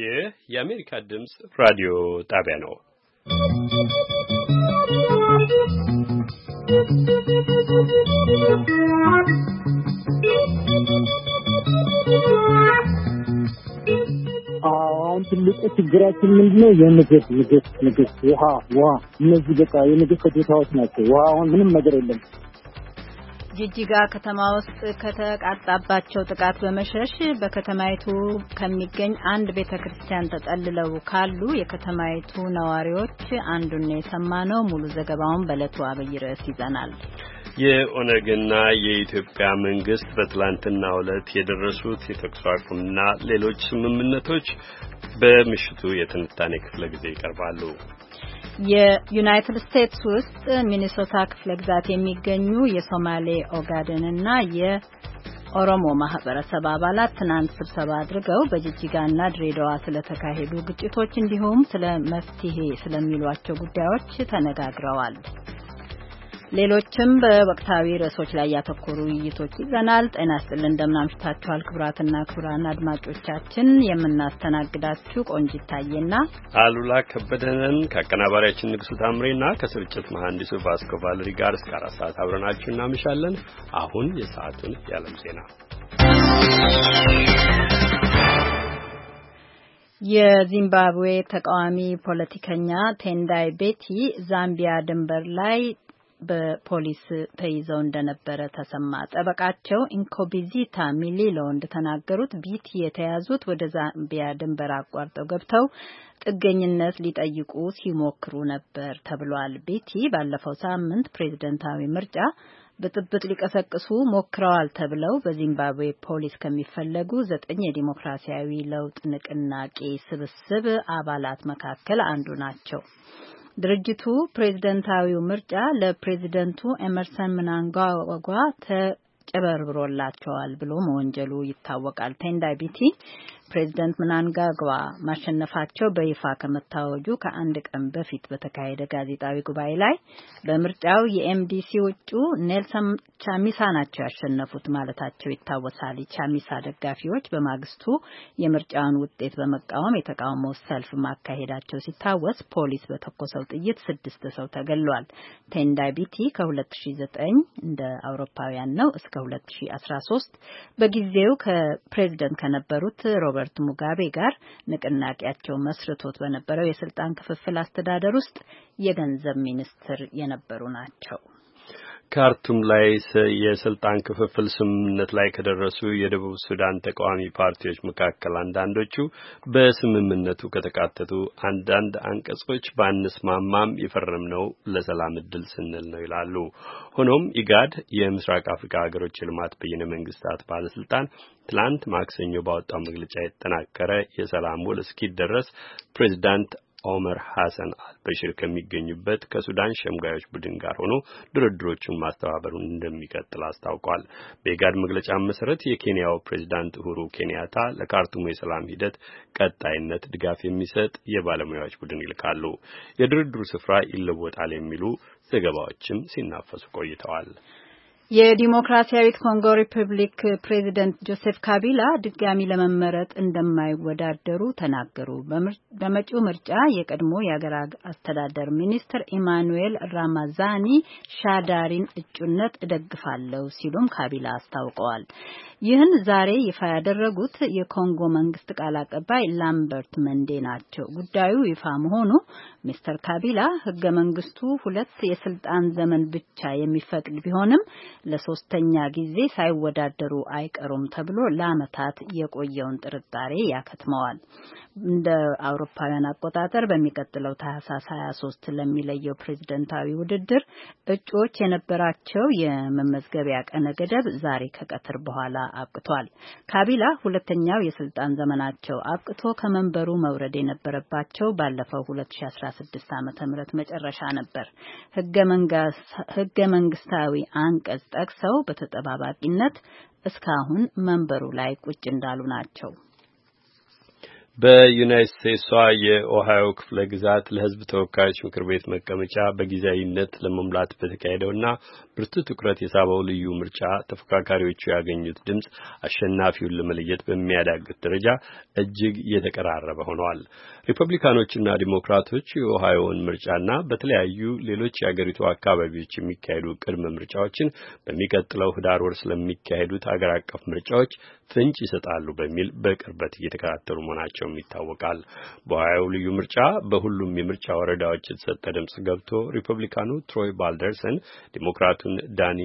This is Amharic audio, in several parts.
ይህ የአሜሪካ ድምፅ ራዲዮ ጣቢያ ነው። አሁን ትልቁ ችግራችን ምንድነው? የምግብ ምግብ ምግብ፣ ውሃ ውሃ፣ እነዚህ በቃ የምግብ ከቤታዎች ናቸው። ውሃ አሁን ምንም ነገር የለም። ጂጂጋ ከተማ ውስጥ ከተቃጣባቸው ጥቃት በመሸሽ በከተማይቱ ከሚገኝ አንድ ቤተ ክርስቲያን ተጠልለው ካሉ የከተማይቱ ነዋሪዎች አንዱን ነው ሙሉ ዘገባውን በዕለቱ አብይ ርዕስ ይዘናል። የኦነግና የኢትዮጵያ መንግስት በትላንትና ዕለት የደረሱት የተኩስ አቁምና ሌሎች ስምምነቶች በምሽቱ የትንታኔ ክፍለ ጊዜ ይቀርባሉ። የዩናይትድ ስቴትስ ውስጥ ሚኒሶታ ክፍለ ግዛት የሚገኙ የሶማሌ እና የኦሮሞ ማህበረሰብ አባላት ትናንት ስብሰባ አድርገው በጅጅጋና ድሬዳዋ ስለተካሄዱ ግጭቶች እንዲሁም ስለ መፍትሄ ስለሚሏቸው ጉዳዮች ተነጋግረዋል። ሌሎችም በወቅታዊ ርዕሶች ላይ ያተኮሩ ውይይቶች ይዘናል። ጤና ስጥል እንደምናምሽታችኋል። ክቡራትና ክቡራን አድማጮቻችን የምናስተናግዳችሁ ቆንጂት ታዬና አሉላ ከበደንን ከአቀናባሪያችን ንግሱ ታምሬና ከስርጭት መሐንዲሱ ቫስኮ ቫለሪ ጋር እስከ አራት ሰዓት አብረናችሁ እናመሻለን። አሁን የሰዓቱን የዓለም ዜና የዚምባብዌ ተቃዋሚ ፖለቲከኛ ቴንዳይ ቤቲ ዛምቢያ ድንበር ላይ በፖሊስ ተይዘው እንደነበረ ተሰማ። ጠበቃቸው ኢንኮቢዚታ ሚሊሎ እንደተናገሩት ቢቲ የተያዙት ወደ ዛምቢያ ድንበር አቋርጠው ገብተው ጥገኝነት ሊጠይቁ ሲሞክሩ ነበር ተብሏል። ቢቲ ባለፈው ሳምንት ፕሬዝደንታዊ ምርጫ ብጥብጥ ሊቀሰቅሱ ሞክረዋል ተብለው በዚምባብዌ ፖሊስ ከሚፈለጉ ዘጠኝ የዲሞክራሲያዊ ለውጥ ንቅናቄ ስብስብ አባላት መካከል አንዱ ናቸው። ድርጅቱ ፕሬዝደንታዊው ምርጫ ለፕሬዝደንቱ ኤመርሰን ምናንጓጓ ተጨበርብሮላቸዋል ብሎ መወንጀሉ ይታወቃል። ቴንዳይ ቢቲ ፕሬዚደንት ምናንጋግዋ ማሸነፋቸው በይፋ ከመታወጁ ከአንድ ቀን በፊት በተካሄደ ጋዜጣዊ ጉባኤ ላይ በምርጫው የኤምዲሲ ውጩ ኔልሰን ቻሚሳ ናቸው ያሸነፉት ማለታቸው ይታወሳል። የቻሚሳ ደጋፊዎች በማግስቱ የምርጫውን ውጤት በመቃወም የተቃውሞ ሰልፍ ማካሄዳቸው ሲታወስ ፖሊስ በተኮሰው ጥይት ስድስት ሰው ተገሏል። ቴንዳይ ቢቲ ከ2009 እንደ አውሮፓውያን ነው እስከ 2013 በጊዜው ከፕሬዚደንት ከነበሩት ሮበርት ሮበርት ሙጋቤ ጋር ንቅናቄያቸው መስርቶት በነበረው የስልጣን ክፍፍል አስተዳደር ውስጥ የገንዘብ ሚኒስትር የነበሩ ናቸው። ካርቱም ላይ የስልጣን ክፍፍል ስምምነት ላይ ከደረሱ የደቡብ ሱዳን ተቃዋሚ ፓርቲዎች መካከል አንዳንዶቹ በስምምነቱ ከተካተቱ አንዳንድ አንቀጾች ባንስማማም የፈረምነው ለሰላም እድል ስንል ነው ይላሉ። ሆኖም ኢጋድ የምስራቅ አፍሪካ ሀገሮች የልማት በይነ መንግስታት ባለስልጣን ትላንት ማክሰኞ ባወጣው መግለጫ የተጠናከረ የሰላም ውል እስኪደረስ ፕሬዚዳንት ኦመር ሐሰን አልበሽር ከሚገኙበት ከሱዳን ሸምጋዮች ቡድን ጋር ሆኖ ድርድሮቹን ማስተባበሩን እንደሚቀጥል አስታውቋል። በኢጋድ መግለጫ መሰረት የኬንያው ፕሬዚዳንት ኡሁሩ ኬንያታ ለካርቱሙ የሰላም ሂደት ቀጣይነት ድጋፍ የሚሰጥ የባለሙያዎች ቡድን ይልካሉ። የድርድሩ ስፍራ ይለወጣል የሚሉ ዘገባዎችም ሲናፈሱ ቆይተዋል። የዲሞክራሲያዊት ኮንጎ ሪፐብሊክ ፕሬዚደንት ጆሴፍ ካቢላ ድጋሚ ለመመረጥ እንደማይወዳደሩ ተናገሩ። በመጪው ምርጫ የቀድሞ የአገር አስተዳደር ሚኒስትር ኢማኑኤል ራማዛኒ ሻዳሪን እጩነት እደግፋለሁ ሲሉም ካቢላ አስታውቀዋል። ይህን ዛሬ ይፋ ያደረጉት የኮንጎ መንግስት ቃል አቀባይ ላምበርት መንዴ ናቸው። ጉዳዩ ይፋ መሆኑ ሚስተር ካቢላ ህገ መንግስቱ ሁለት የስልጣን ዘመን ብቻ የሚፈቅድ ቢሆንም ለሶስተኛ ጊዜ ሳይወዳደሩ አይቀሩም ተብሎ ለአመታት የቆየውን ጥርጣሬ ያከትመዋል። እንደ አውሮፓውያን አቆጣጠር በሚቀጥለው ታህሳስ 23 ለሚለየው ፕሬዝደንታዊ ውድድር እጩዎች የነበራቸው የመመዝገቢያ ቀነ ገደብ ዛሬ ከቀትር በኋላ አብቅቷል። ካቢላ ሁለተኛው የስልጣን ዘመናቸው አብቅቶ ከመንበሩ መውረድ የነበረባቸው ባለፈው 2014 ዓመተ ምህረት መጨረሻ ነበር ህገ መንግስታዊ አንቀጽ ጠቅሰው በተጠባባቂነት እስካሁን መንበሩ ላይ ቁጭ እንዳሉ ናቸው። በዩናይት ስቴትሷ የኦሃዮ ክፍለ ግዛት ለህዝብ ተወካዮች ምክር ቤት መቀመጫ በጊዜያዊነት ለመሙላት በተካሄደውና ብርቱ ትኩረት የሳበው ልዩ ምርጫ ተፎካካሪዎቹ ያገኙት ድምፅ አሸናፊውን ለመለየት በሚያዳግት ደረጃ እጅግ የተቀራረበ ሆነዋል። ሪፐብሊካኖችና ዲሞክራቶች የኦሃዮውን ምርጫና በተለያዩ ሌሎች የአገሪቱ አካባቢዎች የሚካሄዱ ቅድመ ምርጫዎችን በሚቀጥለው ህዳር ወር ስለሚካሄዱት አገር አቀፍ ምርጫዎች ፍንጭ ይሰጣሉ በሚል በቅርበት እየተከታተሉ መሆናቸውም ይታወቃል። በኦሃዮ ልዩ ምርጫ በሁሉም የምርጫ ወረዳዎች የተሰጠ ድምጽ ገብቶ ሪፐብሊካኑ ትሮይ ባልደርሰን ዲሞክራቱን ዳኒ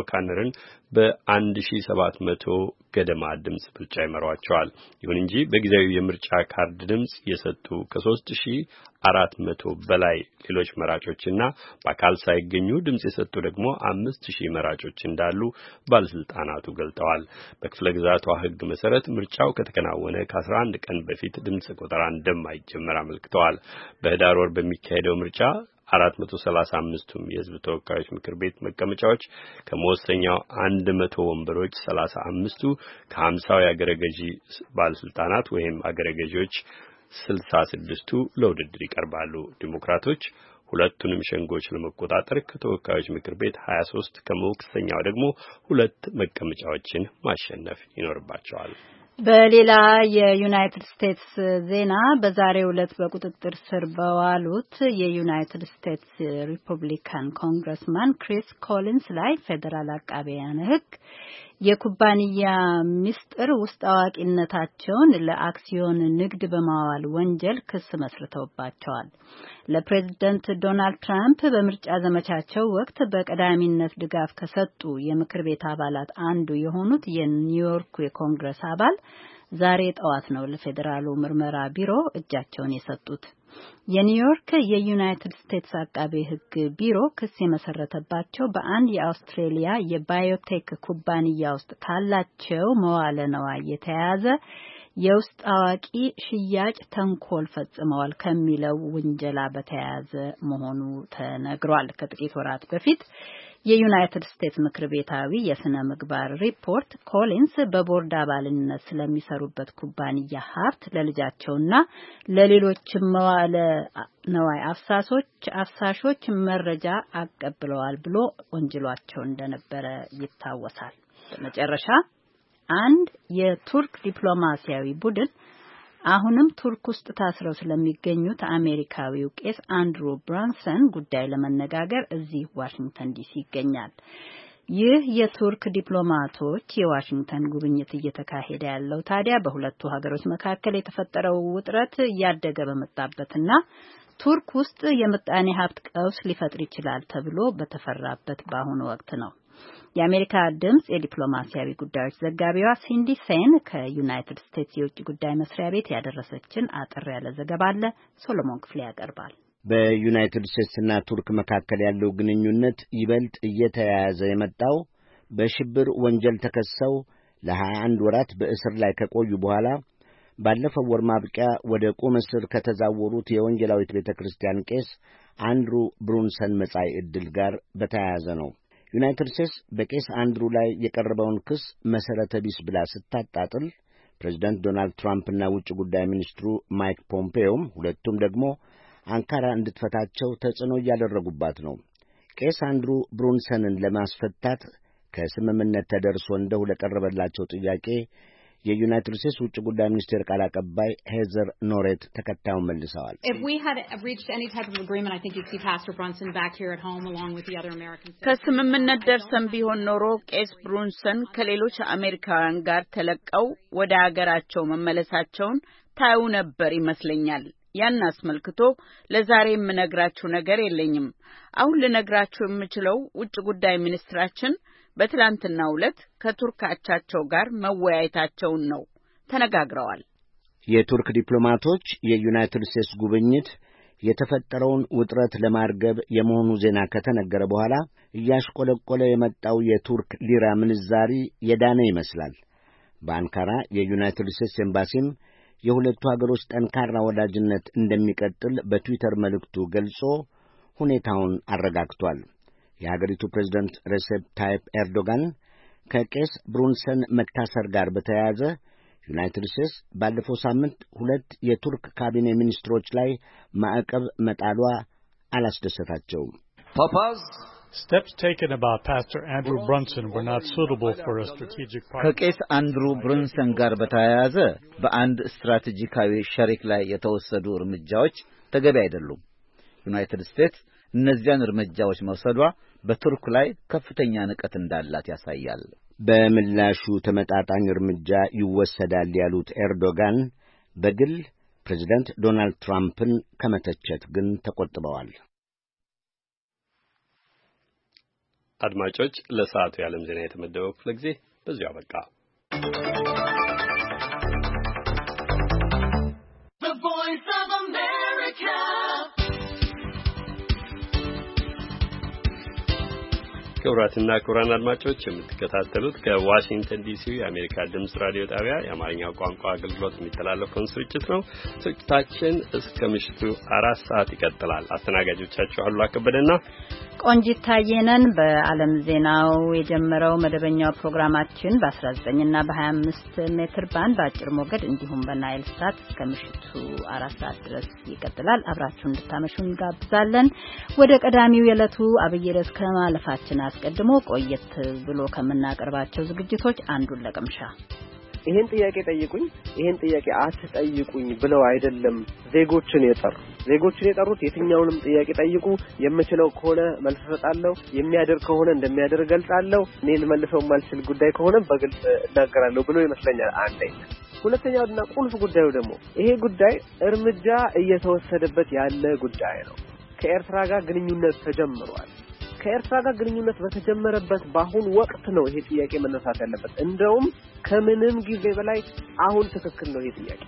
ኦካነርን በ1700 ገደማ ድምፅ ብልጫ ይመሯቸዋል። ይሁን እንጂ በጊዜያዊ የምርጫ ካርድ ድምፅ የሰጡ ከ3400 በላይ ሌሎች መራጮችና በአካል ሳይገኙ ድምፅ የሰጡ ደግሞ 5000 መራጮች እንዳሉ ባለስልጣናቱ ገልጠዋል። በክፍለ ግዛቷ ሕግ መሰረት ምርጫው ከተከናወነ ከ11 ቀን በፊት ድምፅ ቆጠራ እንደማይጀመር አመልክተዋል። በህዳር ወር በሚካሄደው ምርጫ አራት መቶ ሰላሳ አምስቱም የህዝብ ተወካዮች ምክር ቤት መቀመጫዎች ከመወሰኛው አንድ መቶ ወንበሮች ሰላሳ አምስቱ ከሀምሳው የአገረ ገዢ ባለስልጣናት ወይም አገረ ገዢዎች ስልሳ ስድስቱ ለውድድር ይቀርባሉ። ዲሞክራቶች ሁለቱንም ሸንጎች ለመቆጣጠር ከተወካዮች ምክር ቤት 23 ከመወሰኛው ደግሞ ሁለት መቀመጫዎችን ማሸነፍ ይኖርባቸዋል። በሌላ የዩናይትድ ስቴትስ ዜና በዛሬው ዕለት በቁጥጥር ስር በዋሉት የዩናይትድ ስቴትስ ሪፐብሊካን ኮንግረስማን ክሪስ ኮሊንስ ላይ ፌዴራል አቃቢያን ሕግ የኩባንያ ምስጢር ውስጥ አዋቂነታቸውን ለአክሲዮን ንግድ በማዋል ወንጀል ክስ መስርተውባቸዋል። ለፕሬዝደንት ዶናልድ ትራምፕ በምርጫ ዘመቻቸው ወቅት በቀዳሚነት ድጋፍ ከሰጡ የምክር ቤት አባላት አንዱ የሆኑት የኒውዮርኩ የኮንግረስ አባል ዛሬ ጠዋት ነው ለፌዴራሉ ምርመራ ቢሮ እጃቸውን የሰጡት። የኒውዮርክ የዩናይትድ ስቴትስ አቃቤ ሕግ ቢሮ ክስ የመሰረተባቸው በአንድ የአውስትሬሊያ የባዮቴክ ኩባንያ ውስጥ ካላቸው መዋለ ነዋይ የተያያዘ የውስጥ አዋቂ ሽያጭ ተንኮል ፈጽመዋል ከሚለው ውንጀላ በተያያዘ መሆኑ ተነግሯል። ከጥቂት ወራት በፊት የዩናይትድ ስቴትስ ምክር ቤታዊ የስነ ምግባር ሪፖርት ኮሊንስ በቦርድ አባልነት ስለሚሰሩበት ኩባንያ ሀብት ለልጃቸውና ለሌሎችም መዋለ ነዋይ አፍሳሾች አፍሳሾች መረጃ አቀብለዋል ብሎ ወንጅሏቸው እንደነበረ ይታወሳል። በመጨረሻ አንድ የቱርክ ዲፕሎማሲያዊ ቡድን አሁንም ቱርክ ውስጥ ታስረው ስለሚገኙት አሜሪካዊው ቄስ አንድሮ ብራንሰን ጉዳይ ለመነጋገር እዚህ ዋሽንግተን ዲሲ ይገኛል። ይህ የቱርክ ዲፕሎማቶች የዋሽንግተን ጉብኝት እየተካሄደ ያለው ታዲያ በሁለቱ ሀገሮች መካከል የተፈጠረው ውጥረት እያደገ በመጣበትና ቱርክ ውስጥ የምጣኔ ሀብት ቀውስ ሊፈጥር ይችላል ተብሎ በተፈራበት በአሁኑ ወቅት ነው። የአሜሪካ ድምፅ የዲፕሎማሲያዊ ጉዳዮች ዘጋቢዋ ሲንዲ ሴን ከዩናይትድ ስቴትስ የውጭ ጉዳይ መስሪያ ቤት ያደረሰችን አጠር ያለ ዘገባ አለ። ሶሎሞን ክፍሌ ያቀርባል። በዩናይትድ ስቴትስና ቱርክ መካከል ያለው ግንኙነት ይበልጥ እየተያያዘ የመጣው በሽብር ወንጀል ተከሰው ለሀያ አንድ ወራት በእስር ላይ ከቆዩ በኋላ ባለፈው ወር ማብቂያ ወደ ቁም እስር ከተዛወሩት የወንጌላዊት ቤተ ክርስቲያን ቄስ አንድሩ ብሩንሰን መጻኢ ዕድል ጋር በተያያዘ ነው። ዩናይትድ ስቴትስ በቄስ አንድሩ ላይ የቀረበውን ክስ መሠረተ ቢስ ብላ ስታጣጥል ፕሬዚደንት ዶናልድ ትራምፕና ውጭ ጉዳይ ሚኒስትሩ ማይክ ፖምፔዮም ሁለቱም ደግሞ አንካራ እንድትፈታቸው ተጽዕኖ እያደረጉባት ነው። ቄስ አንድሩ ብሩንሰንን ለማስፈታት ከስምምነት ተደርሶ እንደው ለቀረበላቸው ጥያቄ የዩናይትድ ስቴትስ ውጭ ጉዳይ ሚኒስቴር ቃል አቀባይ ሄዘር ኖሬት ተከታዩን መልሰዋል። ከስምምነት ደርሰን ቢሆን ኖሮ ቄስ ብሩንሰን ከሌሎች አሜሪካውያን ጋር ተለቀው ወደ አገራቸው መመለሳቸውን ታዩ ነበር ይመስለኛል። ያን አስመልክቶ ለዛሬ የምነግራችሁ ነገር የለኝም። አሁን ልነግራችሁ የምችለው ውጭ ጉዳይ ሚኒስትራችን በትላንትናው ዕለት ከቱርክ አቻቸው ጋር መወያየታቸውን ነው ተነጋግረዋል። የቱርክ ዲፕሎማቶች የዩናይትድ ስቴትስ ጉብኝት የተፈጠረውን ውጥረት ለማርገብ የመሆኑ ዜና ከተነገረ በኋላ እያሽቆለቆለ የመጣው የቱርክ ሊራ ምንዛሪ የዳነ ይመስላል። በአንካራ የዩናይትድ ስቴትስ ኤምባሲም የሁለቱ አገሮች ጠንካራ ወዳጅነት እንደሚቀጥል በትዊተር መልእክቱ ገልጾ ሁኔታውን አረጋግቷል። የሀገሪቱ ፕሬዝደንት ሬሴፕ ታይፕ ኤርዶጋን ከቄስ ብሩንሰን መታሰር ጋር በተያያዘ ዩናይትድ ስቴትስ ባለፈው ሳምንት ሁለት የቱርክ ካቢኔ ሚኒስትሮች ላይ ማዕቀብ መጣሏ አላስደሰታቸውም። ከቄስ አንድሩ ብሩንሰን ጋር በተያያዘ በአንድ ስትራቴጂካዊ ሸሪክ ላይ የተወሰዱ እርምጃዎች ተገቢ አይደሉም። ዩናይትድ ስቴትስ እነዚያን እርምጃዎች መውሰዷ በቱርክ ላይ ከፍተኛ ንቀት እንዳላት ያሳያል። በምላሹ ተመጣጣኝ እርምጃ ይወሰዳል ያሉት ኤርዶጋን በግል ፕሬዚደንት ዶናልድ ትራምፕን ከመተቸት ግን ተቆጥበዋል። አድማጮች፣ ለሰዓቱ የዓለም ዜና የተመደበው ክፍለ ጊዜ በዚሁ አበቃ። ክቡራትና ክቡራን አድማጮች የምትከታተሉት ከዋሽንግተን ዲሲ የአሜሪካ ድምፅ ራዲዮ ጣቢያ የአማርኛ ቋንቋ አገልግሎት የሚተላለፈውን ስርጭት ነው። ስርጭታችን እስከ ምሽቱ አራት ሰዓት ይቀጥላል። አስተናጋጆቻችሁ አሉ አከበደና ቆንጂት ታየ በአለም በዓለም ዜናው የጀመረው መደበኛው ፕሮግራማችን በ19ና በ25 ሜትር ባንድ በአጭር ሞገድ እንዲሁም በናይል ሳት እስከ ምሽቱ አራት ሰዓት ድረስ ይቀጥላል። አብራችሁ እንድታመሹ እንጋብዛለን። ወደ ቀዳሚው የዕለቱ አብይ ርዕስ ከማለፋችን አስቀድሞ ቆየት ብሎ ከምናቀርባቸው ዝግጅቶች አንዱን ለቅምሻ ይሄን ጥያቄ ጠይቁኝ፣ ይሄን ጥያቄ አትጠይቁኝ ብለው አይደለም ዜጎችን የጠሩ ዜጎችን የጠሩት የትኛውንም ጥያቄ ጠይቁ፣ የምችለው ከሆነ መልስ እሰጣለሁ፣ የሚያደርግ ከሆነ እንደሚያደርግ ገልጻለሁ፣ እኔ ልመልሰው የማልችል ጉዳይ ከሆነ በግልጽ እናገራለሁ ብሎ ይመስለኛል። አንደኛ ሁለተኛውና ቁልፍ ጉዳዩ ደግሞ ይሄ ጉዳይ እርምጃ እየተወሰደበት ያለ ጉዳይ ነው። ከኤርትራ ጋር ግንኙነት ተጀምሯል። ከኤርትራ ጋር ግንኙነት በተጀመረበት በአሁን ወቅት ነው ይሄ ጥያቄ መነሳት ያለበት። እንደውም ከምንም ጊዜ በላይ አሁን ትክክል ነው ይሄ ጥያቄ።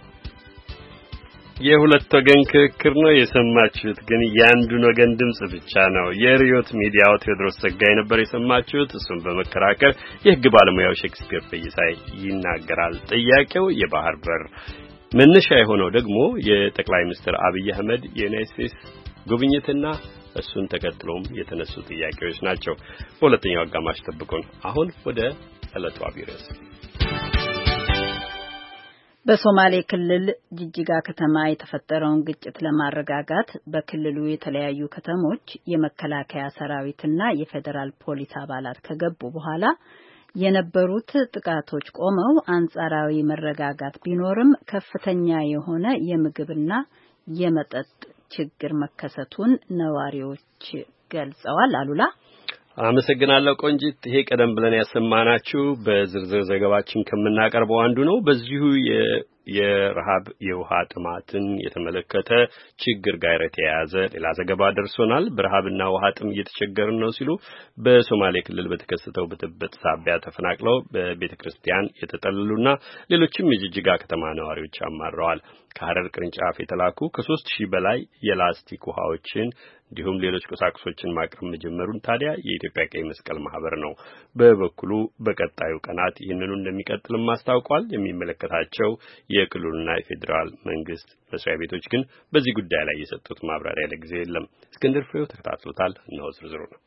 የሁለት ወገን ክርክር ነው የሰማችሁት፣ ግን የአንዱን ወገን ድምጽ ብቻ ነው። የሪዮት ሚዲያው ቴዎድሮስ ዘጋይ ነበር የሰማችሁት። እሱን በመከራከር የህግ ባለሙያው ሼክስፒር ፈይሳይ ይናገራል። ጥያቄው የባህር በር መነሻ የሆነው ደግሞ የጠቅላይ ሚኒስትር አብይ አህመድ የዩናይት ስቴትስ ጉብኝትና እሱን ተከትሎም የተነሱ ጥያቄዎች ናቸው። በሁለተኛው አጋማሽ ጠብቁን። አሁን ወደ ዕለቱ አብይ በሶማሌ ክልል ጅጅጋ ከተማ የተፈጠረውን ግጭት ለማረጋጋት በክልሉ የተለያዩ ከተሞች የመከላከያ ሰራዊትና የፌዴራል ፖሊስ አባላት ከገቡ በኋላ የነበሩት ጥቃቶች ቆመው አንጻራዊ መረጋጋት ቢኖርም ከፍተኛ የሆነ የምግብና የመጠጥ ችግር መከሰቱን ነዋሪዎች ገልጸዋል። አሉላ አመሰግናለሁ ቆንጂት። ይሄ ቀደም ብለን ያሰማናችሁ በዝርዝር ዘገባችን ከምናቀርበው አንዱ ነው። በዚሁ የረሃብ የውሃ ጥማትን የተመለከተ ችግር ጋር የተያያዘ ሌላ ዘገባ ደርሶናል። በረሃብና ውሃ ጥም እየተቸገርን ነው ሲሉ በሶማሌ ክልል በተከሰተው ብጥብጥ ሳቢያ ተፈናቅለው በቤተ ክርስቲያን የተጠለሉና ሌሎችም የጅጅጋ ከተማ ነዋሪዎች አማረዋል። ከሀረር ቅርንጫፍ የተላኩ ከሶስት ሺህ በላይ የላስቲክ ውሃዎችን እንዲሁም ሌሎች ቁሳቁሶችን ማቅረብ መጀመሩን ታዲያ የኢትዮጵያ ቀይ መስቀል ማህበር ነው በበኩሉ በቀጣዩ ቀናት ይህንኑ እንደሚቀጥልም አስታውቋል። የሚመለከታቸው የክልሉና የፌዴራል መንግስት መስሪያ ቤቶች ግን በዚህ ጉዳይ ላይ የሰጡት ማብራሪያ ለጊዜ የለም። እስክንድር ፍሬው ተከታትሎታል። እነሆ ዝርዝሩ ነው።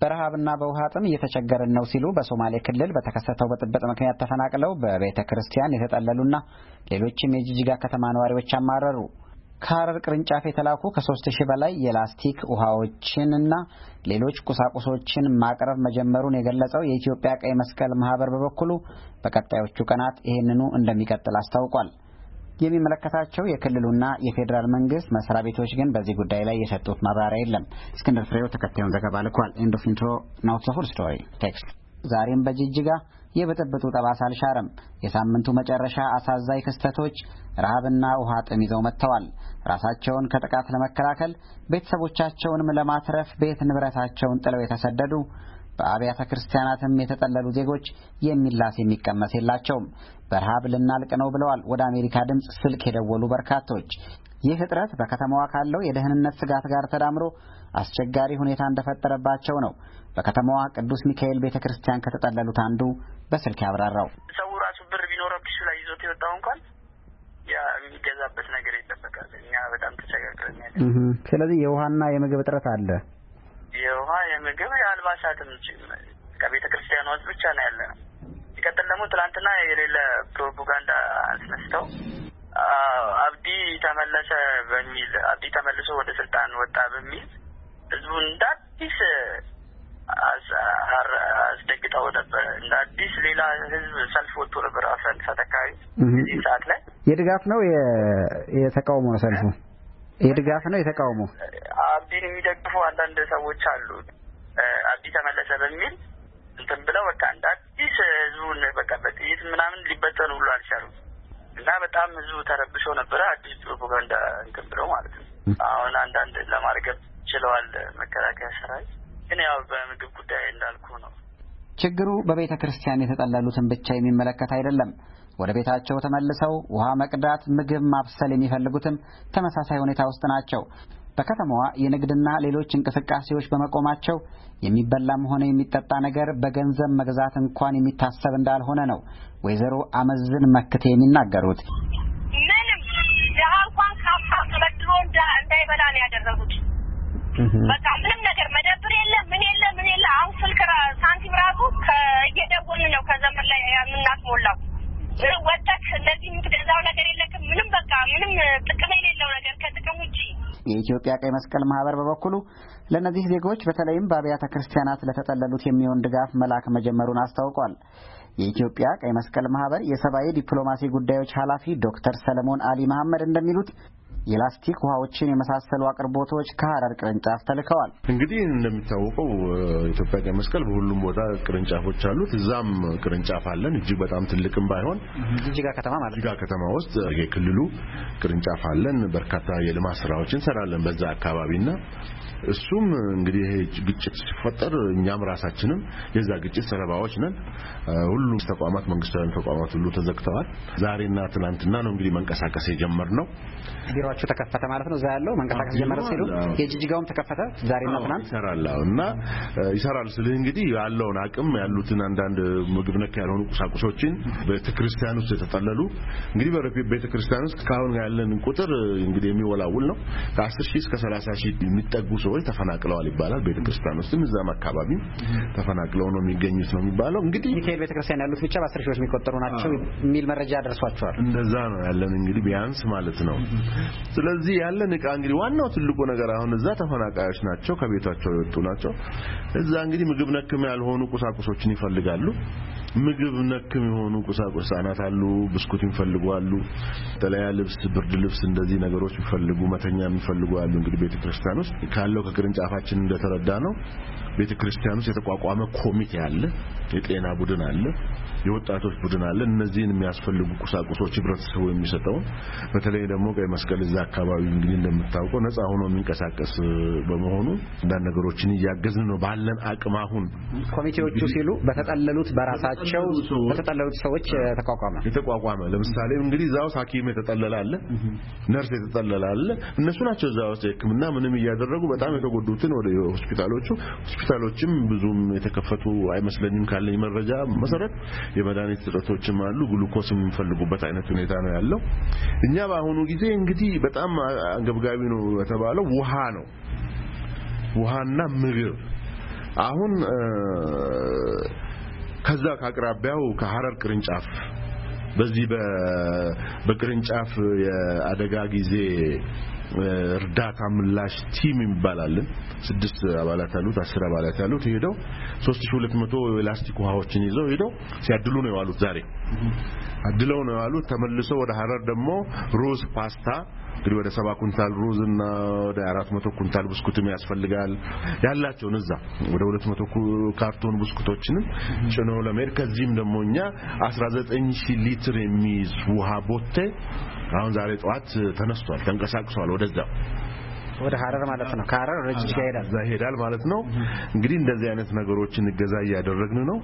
በረሃብና በውሃ ጥም እየተቸገርን ነው ሲሉ በሶማሌ ክልል በተከሰተው በጥበጥ ምክንያት ተፈናቅለው በቤተ ክርስቲያን የተጠለሉና ሌሎችም የጅጅጋ ከተማ ነዋሪዎች አማረሩ። ከሐረር ቅርንጫፍ የተላኩ ከሶስት ሺህ በላይ የላስቲክ ውሃዎችንና ሌሎች ቁሳቁሶችን ማቅረብ መጀመሩን የገለጸው የኢትዮጵያ ቀይ መስቀል ማህበር በበኩሉ በቀጣዮቹ ቀናት ይህንኑ እንደሚቀጥል አስታውቋል። የሚመለከታቸው የክልሉና የፌዴራል መንግስት መስሪያ ቤቶች ግን በዚህ ጉዳይ ላይ የሰጡት ማብራሪያ የለም። እስክንድር ፍሬው ተከታዩን ዘገባ ልኳል። ኢንዶፊንትሮ ናውት ስቶሪ ቴክስት ዛሬም በጅጅጋ የብጥብጡ ጠባሳ አልሻረም። የሳምንቱ መጨረሻ አሳዛኝ ክስተቶች ረሃብና ውሃ ጥም ይዘው መጥተዋል። ራሳቸውን ከጥቃት ለመከላከል ቤተሰቦቻቸውንም ለማትረፍ ቤት ንብረታቸውን ጥለው የተሰደዱ በአብያተ ክርስቲያናትም የተጠለሉ ዜጎች የሚላስ የሚቀመስ የላቸውም። በረሃብ ልናልቅ ነው ብለዋል ወደ አሜሪካ ድምፅ ስልክ የደወሉ በርካቶች። ይህ እጥረት በከተማዋ ካለው የደህንነት ስጋት ጋር ተዳምሮ አስቸጋሪ ሁኔታ እንደፈጠረባቸው ነው በከተማዋ ቅዱስ ሚካኤል ቤተ ክርስቲያን ከተጠለሉት አንዱ በስልክ ያብራራው ሰው ራሱ ብር ቢኖረው ኪሱ ላይ ይዞት የወጣው እንኳን ያ የሚገዛበት ነገር ይጠበቃል። እኛ በጣም ተቸጋግረን ስለዚህ የውሃና የምግብ እጥረት አለ። የውሃ የምግብ፣ የአልባሳትም ከቤተ ክርስቲያኗ ውስጥ ብቻ ነው ያለ ነው። ሲቀጥል ደግሞ ትናንትና የሌለ ፕሮፓጋንዳ አስነስተው አብዲ ተመለሰ በሚል አብዲ ተመልሶ ወደ ስልጣን ወጣ በሚል ህዝቡ እንደ አዲስ አስደግጠው እንደ አዲስ ሌላ ህዝብ ሰልፍ ወጥቶ ነበር። ሰልፍ አንድ አካባቢ እዚህ ሰዓት ላይ የድጋፍ ነው የተቃውሞ ነው ሰልፉ የድጋፍ ነው የተቃውሞ አብዲን የሚደግፉ አንዳንድ ሰዎች አሉ። አብዲ ተመለሰ በሚል እንትን ብለው በቃ እንደ አዲስ ህዝቡን በቃ በጥይት ምናምን ሊበተኑ ብሎ አልቻሉም እና በጣም ህዝቡ ተረብሾ ነበረ። አዲስ ፕሮፓጋንዳ እንትን ብለው ማለት ነው። አሁን አንዳንድ ለማርገብ ችለዋል መከላከያ ሰራዊት ግን ያው በምግብ ጉዳይ እንዳልኩ ነው። ችግሩ በቤተ ክርስቲያን የተጠለሉትን ብቻ የሚመለከት አይደለም። ወደ ቤታቸው ተመልሰው ውሃ መቅዳት፣ ምግብ ማብሰል የሚፈልጉትም ተመሳሳይ ሁኔታ ውስጥ ናቸው። በከተማዋ የንግድና ሌሎች እንቅስቃሴዎች በመቆማቸው የሚበላም ሆነ የሚጠጣ ነገር በገንዘብ መግዛት እንኳን የሚታሰብ እንዳልሆነ ነው ወይዘሮ አመዝን መክቴ የሚናገሩት። ምንም ድሀ እንኳን ካፍታ ተበድሮ እንዳይበላ ነው ያደረጉት። በቃ ምንም ነገር መደብር የለም ምን የለ ምን የለ። አሁን ስልክ ሳንቲም ራሱ እየደወልን ነው ከዘመን ላይ የምናስሞላው። ወጠት እነዚህ የምትገዛው ነገር የለክም ምንም በቃ ምንም ጥቅም የሌለው ነገር ከጥቅም ውጭ። የኢትዮጵያ ቀይ መስቀል ማህበር በበኩሉ ለእነዚህ ዜጎች በተለይም በአብያተ ክርስቲያናት ለተጠለሉት የሚሆን ድጋፍ መላክ መጀመሩን አስታውቋል። የኢትዮጵያ ቀይ መስቀል ማህበር የሰብአዊ ዲፕሎማሲ ጉዳዮች ኃላፊ ዶክተር ሰለሞን አሊ መሐመድ እንደሚሉት የላስቲክ ውሃዎችን የመሳሰሉ አቅርቦቶች ከሀረር ቅርንጫፍ ተልከዋል። እንግዲህ እንደሚታወቀው ኢትዮጵያ ቀይ መስቀል በሁሉም ቦታ ቅርንጫፎች አሉት። እዛም ቅርንጫፍ አለን። እጅግ በጣም ትልቅም ባይሆን ጅጋ ከተማ ማለት ጅጋ ከተማ ውስጥ የክልሉ ቅርንጫፍ አለን። በርካታ የልማት ስራዎች እንሰራለን በዛ አካባቢና እሱም እንግዲህ ይሄ ግጭት ሲፈጠር እኛም ራሳችንም የዛ ግጭት ሰለባዎች ነን። ሁሉም ተቋማት፣ መንግስታዊ ተቋማት ሁሉ ተዘግተዋል። ዛሬና ትናንትና ነው እንግዲህ መንቀሳቀስ የጀመርነው። ቢሮአችሁ ተከፈተ ማለት ነው። እዛ ያለው መንቀሳቀስ ጀመረ ሲሉ የጅጅጋውም ተከፈተ ዛሬና ትናንት ይሰራል እና ይሰራል ስልህ እንግዲህ ያለውን አቅም ያሉትን አንዳንድ ምግብ ነክ ያልሆኑ ቁሳቁሶችን ቤተክርስቲያን ውስጥ የተጠለሉ እንግዲህ በረፊ በቤተክርስቲያን ውስጥ ካሁን ያለን ቁጥር እንግዲህ የሚወላውል ነው ከ10 ሺህ እስከ 30 ሺህ የሚጠጉ ሰዎች ተፈናቅለዋል ይባላል። ቤተክርስቲያን ውስጥም እዛም አካባቢ ተፈናቅለው ነው የሚገኙት ነው የሚባለው። እንግዲህ ሚካኤል ቤተክርስቲያን ያሉት ብቻ በአስር ሺዎች የሚቆጠሩ ናቸው የሚል መረጃ ደርሷቸዋል። እንደዛ ነው ያለን እንግዲህ ቢያንስ ማለት ነው። ስለዚህ ያለን እቃ እንግዲህ ዋናው ትልቁ ነገር አሁን እዛ ተፈናቃዮች ናቸው፣ ከቤታቸው የወጡ ናቸው። እዛ እንግዲህ ምግብ ነክም ያልሆኑ ቁሳቁሶችን ይፈልጋሉ። ምግብ ነክም የሆኑ ቁሳቁስ ህጻናት አሉ፣ ብስኩት ይፈልጓሉ፣ ተለያ ልብስ፣ ብርድ ልብስ፣ እንደዚህ ነገሮች ይፈልጉ፣ መተኛ የሚፈልጉ አሉ። እንግዲህ ቤተክርስቲያን ውስጥ ካለ ካለው ከቅርንጫፋችን እንደተረዳ ነው ቤተክርስቲያን ውስጥ የተቋቋመ ኮሚቴ አለ፣ የጤና ቡድን አለ። የወጣቶች ቡድን አለ። እነዚህን የሚያስፈልጉ ቁሳቁሶች ህብረተሰቡ የሚሰጠው በተለይ ደግሞ ቀይ መስቀል እዛ አካባቢ እንግዲህ እንደምታውቀው ነጻ ሆኖ የሚንቀሳቀስ በመሆኑ አንዳንድ ነገሮችን እያገዝን ነው ባለን አቅም። አሁን ኮሚቴዎቹ ሲሉ በተጠለሉት በራሳቸው በተጠለሉት ሰዎች ተቋቋመ የተቋቋመ ለምሳሌ እንግዲህ እዛ ውስጥ ሐኪም የተጠለለ አለ፣ ነርስ የተጠለለ አለ። እነሱ ናቸው እዛ ውስጥ የህክምና ምንም እያደረጉ በጣም የተጎዱትን ወደ ሆስፒታሎቹ ሆስፒታሎችም ብዙም የተከፈቱ አይመስለኝም ካለኝ መረጃ መሰረት የመድኃኒት እጥረቶችም አሉ። ግሉኮስ የምንፈልጉበት አይነት ሁኔታ ነው ያለው። እኛ በአሁኑ ጊዜ እንግዲህ በጣም አንገብጋቢ ነው የተባለው ውሃ ነው። ውሃና ምግብ አሁን ከዛ ከአቅራቢያው ከሐረር ቅርንጫፍ በዚህ በቅርንጫፍ የአደጋ ጊዜ እርዳታ ምላሽ ቲም ይባላልን ስድስት አባላት ያሉት አስር አባላት ያሉት ሄደው 3200 የላስቲክ ውሃዎችን ይዘው ሄደው ሲያድሉ ነው የዋሉት። ዛሬ አድለው ነው የዋሉት። ተመልሰው ወደ ሀረር ደግሞ ሩዝ፣ ፓስታ እንግዲህ ወደ ሰባ ኩንታል ሩዝ እና ወደ 400 ኩንታል ብስኩት ያስፈልጋል። ያላቸውን እዛ ወደ 200 ካርቶን ብስኩቶችን ጭኖ ለመሄድ ከዚህም ደግሞ እኛ 19000 ሊትር የሚይዝ ውሃ ቦቴ አሁን ዛሬ ጠዋት ተነስቷል፣ ተንቀሳቅሷል ወደዛ ወደ ሀረር ማለት ነው። ከሀረር ወደ ጅጅጋ ይሄዳል። እዛ ይሄዳል ማለት ነው። እንግዲህ እንደዚህ አይነት ነገሮችን እገዛ እያደረግን ነው።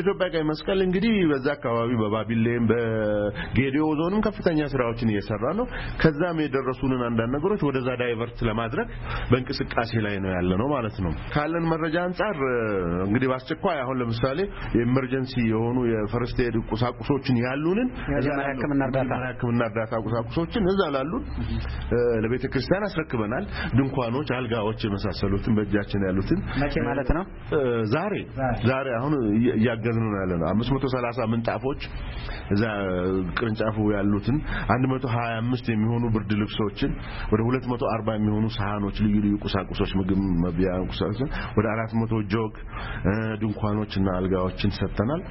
ኢትዮጵያ ቀይ መስቀል እንግዲህ በዛ አካባቢ በባቢሌም በጌዲዮ ዞንም ከፍተኛ ስራዎችን እየሰራ ነው። ከዛም የደረሱንን አንዳንድ ነገሮች ወደዛ ዳይቨርት ለማድረግ በእንቅስቃሴ ላይ ነው ያለ ነው ማለት ነው። ካለን መረጃ አንጻር እንግዲህ በአስቸኳይ አሁን ለምሳሌ የኤመርጀንሲ የሆኑ የፈርስት ኤድ ቁሳቁሶችን ያሉንን ሕክምና እርዳታ ቁሳቁሶችን እዛ ላሉን ለቤተ ክርስቲያን አስረክበናል። ድንኳኖች፣ አልጋዎች የመሳሰሉትን በእጃችን ያሉትን መቼ ማለት ነው? ዛሬ ዛሬ አሁን እያገዝን ነው ያለነው 530 ምንጣፎች እዛ ቅርንጫፉ ያሉትን 125 የሚሆኑ ብርድ ልብሶችን ወደ 240 የሚሆኑ ሳህኖች፣ ልዩ ልዩ ቁሳቁሶች፣ ምግብ መብያ ቁሳቁሶች ወደ 400 ጆግ ድንኳኖችና አልጋዎችን ሰጥተናል።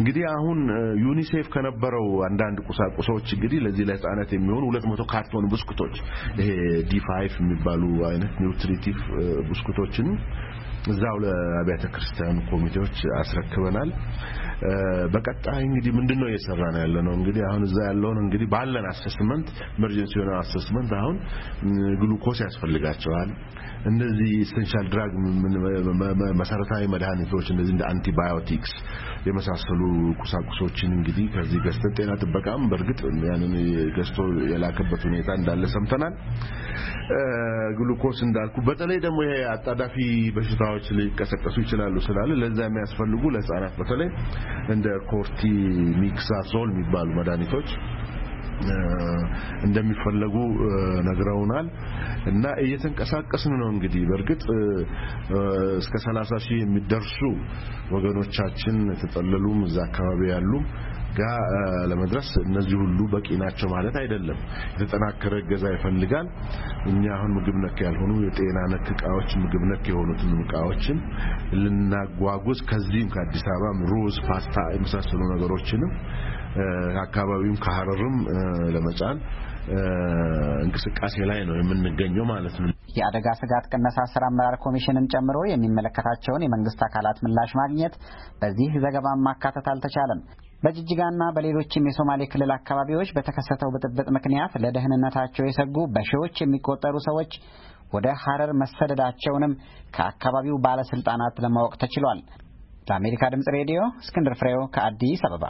እንግዲህ አሁን ዩኒሴፍ ከነበረው አንዳንድ ቁሳቁሶች እንግዲህ ለዚህ ለህፃናት የሚሆኑ 200 ካርቶን ብስኩቶች ይሄ ዲ5 የሚባሉ አይነት ኒውትሪቲቭ ብስኩቶችን እዛው ለአብያተ ክርስቲያን ኮሚቴዎች አስረክበናል። በቀጣይ እንግዲህ ምንድነው እየሰራ ነው ያለ ነው እንግዲህ አሁን እዛ ያለውን እንግዲህ ባለን አሰስመንት ኢመርጀንሲ የሆነ አሰስመንት አሁን ግሉኮስ ያስፈልጋቸዋል እነዚህ ኢሰንሻል ድራግ መሰረታዊ መድኃኒቶች እንደዚህ እንደ አንቲባዮቲክስ የመሳሰሉ ቁሳቁሶችን እንግዲህ ከዚህ ገዝተን ጤና ጥበቃም በእርግጥ ያንን ገዝቶ የላከበት ሁኔታ እንዳለ ሰምተናል። ግሉኮስ እንዳልኩ በተለይ ደግሞ ይሄ አጣዳፊ በሽታዎች ሊቀሰቀሱ ይችላሉ ስላለ ለዛ የሚያስፈልጉ ለህፃናት በተለይ እንደ ኮርቲ ሚክሳሶል የሚባሉ መድኃኒቶች እንደሚፈለጉ ነግረውናል እና እየተንቀሳቀስን ነው። እንግዲህ በእርግጥ እስከ 30 ሺህ የሚደርሱ ወገኖቻችን የተጠለሉም እዛ አካባቢ ያሉ ጋ ለመድረስ እነዚህ ሁሉ በቂ ናቸው ማለት አይደለም። የተጠናከረ እገዛ ይፈልጋል። እኛ አሁን ምግብ ነክ ያልሆኑ የጤና ነክ እቃዎች፣ ምግብ ነክ የሆኑትን እቃዎችን ልናጓጉዝ ከዚህም ከአዲስ አበባ ሩዝ፣ ፓስታ የመሳሰሉ ነገሮችንም አካባቢውም ከሀረርም ለመጫን እንቅስቃሴ ላይ ነው የምንገኘው ማለት ነው። የአደጋ ስጋት ቅነሳ ስራ አመራር ኮሚሽንን ጨምሮ የሚመለከታቸውን የመንግስት አካላት ምላሽ ማግኘት በዚህ ዘገባ ማካተት አልተቻለም። በጅጅጋና በሌሎችም የሶማሌ ክልል አካባቢዎች በተከሰተው ብጥብጥ ምክንያት ለደህንነታቸው የሰጉ በሺዎች የሚቆጠሩ ሰዎች ወደ ሀረር መሰደዳቸውንም ከአካባቢው ባለስልጣናት ለማወቅ ተችሏል። ለአሜሪካ ድምጽ ሬዲዮ እስክንድር ፍሬው ከአዲስ አበባ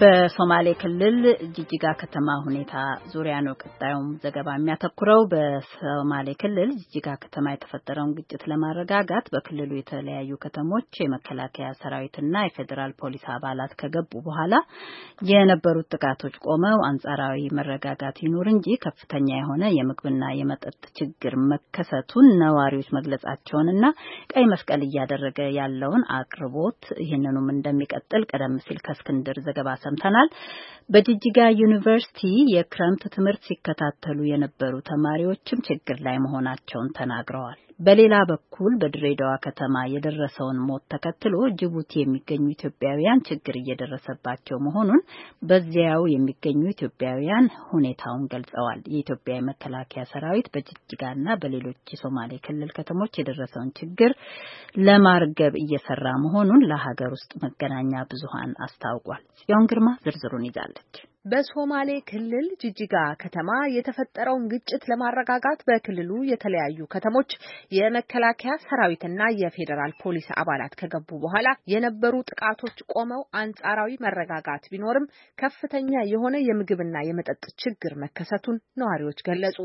በሶማሌ ክልል ጅጅጋ ከተማ ሁኔታ ዙሪያ ነው ቀጣዩም ዘገባ የሚያተኩረው። በሶማሌ ክልል ጅጅጋ ከተማ የተፈጠረውን ግጭት ለማረጋጋት በክልሉ የተለያዩ ከተሞች የመከላከያ ሰራዊትና የፌዴራል ፖሊስ አባላት ከገቡ በኋላ የነበሩት ጥቃቶች ቆመው አንጻራዊ መረጋጋት ይኑር እንጂ ከፍተኛ የሆነ የምግብና የመጠጥ ችግር መከሰቱን ነዋሪዎች መግለጻቸውንና ቀይ መስቀል እያደረገ ያለውን አቅርቦት ይህንኑም እንደሚቀጥል ቀደም ሲል ከእስክንድር ዘገባ ሰምተናል። በጅጅጋ ዩኒቨርሲቲ የክረምት ትምህርት ሲከታተሉ የነበሩ ተማሪዎችም ችግር ላይ መሆናቸውን ተናግረዋል። በሌላ በኩል በድሬዳዋ ከተማ የደረሰውን ሞት ተከትሎ ጅቡቲ የሚገኙ ኢትዮጵያውያን ችግር እየደረሰባቸው መሆኑን በዚያው የሚገኙ ኢትዮጵያውያን ሁኔታውን ገልጸዋል። የኢትዮጵያ የመከላከያ ሰራዊት በጅጅጋና በሌሎች የሶማሌ ክልል ከተሞች የደረሰውን ችግር ለማርገብ እየሰራ መሆኑን ለሀገር ውስጥ መገናኛ ብዙኃን አስታውቋል። ጽዮን ግርማ ዝርዝሩን ይዛል። ትችላለች። በሶማሌ ክልል ጅጅጋ ከተማ የተፈጠረውን ግጭት ለማረጋጋት በክልሉ የተለያዩ ከተሞች የመከላከያ ሰራዊትና የፌዴራል ፖሊስ አባላት ከገቡ በኋላ የነበሩ ጥቃቶች ቆመው አንጻራዊ መረጋጋት ቢኖርም ከፍተኛ የሆነ የምግብና የመጠጥ ችግር መከሰቱን ነዋሪዎች ገለጹ።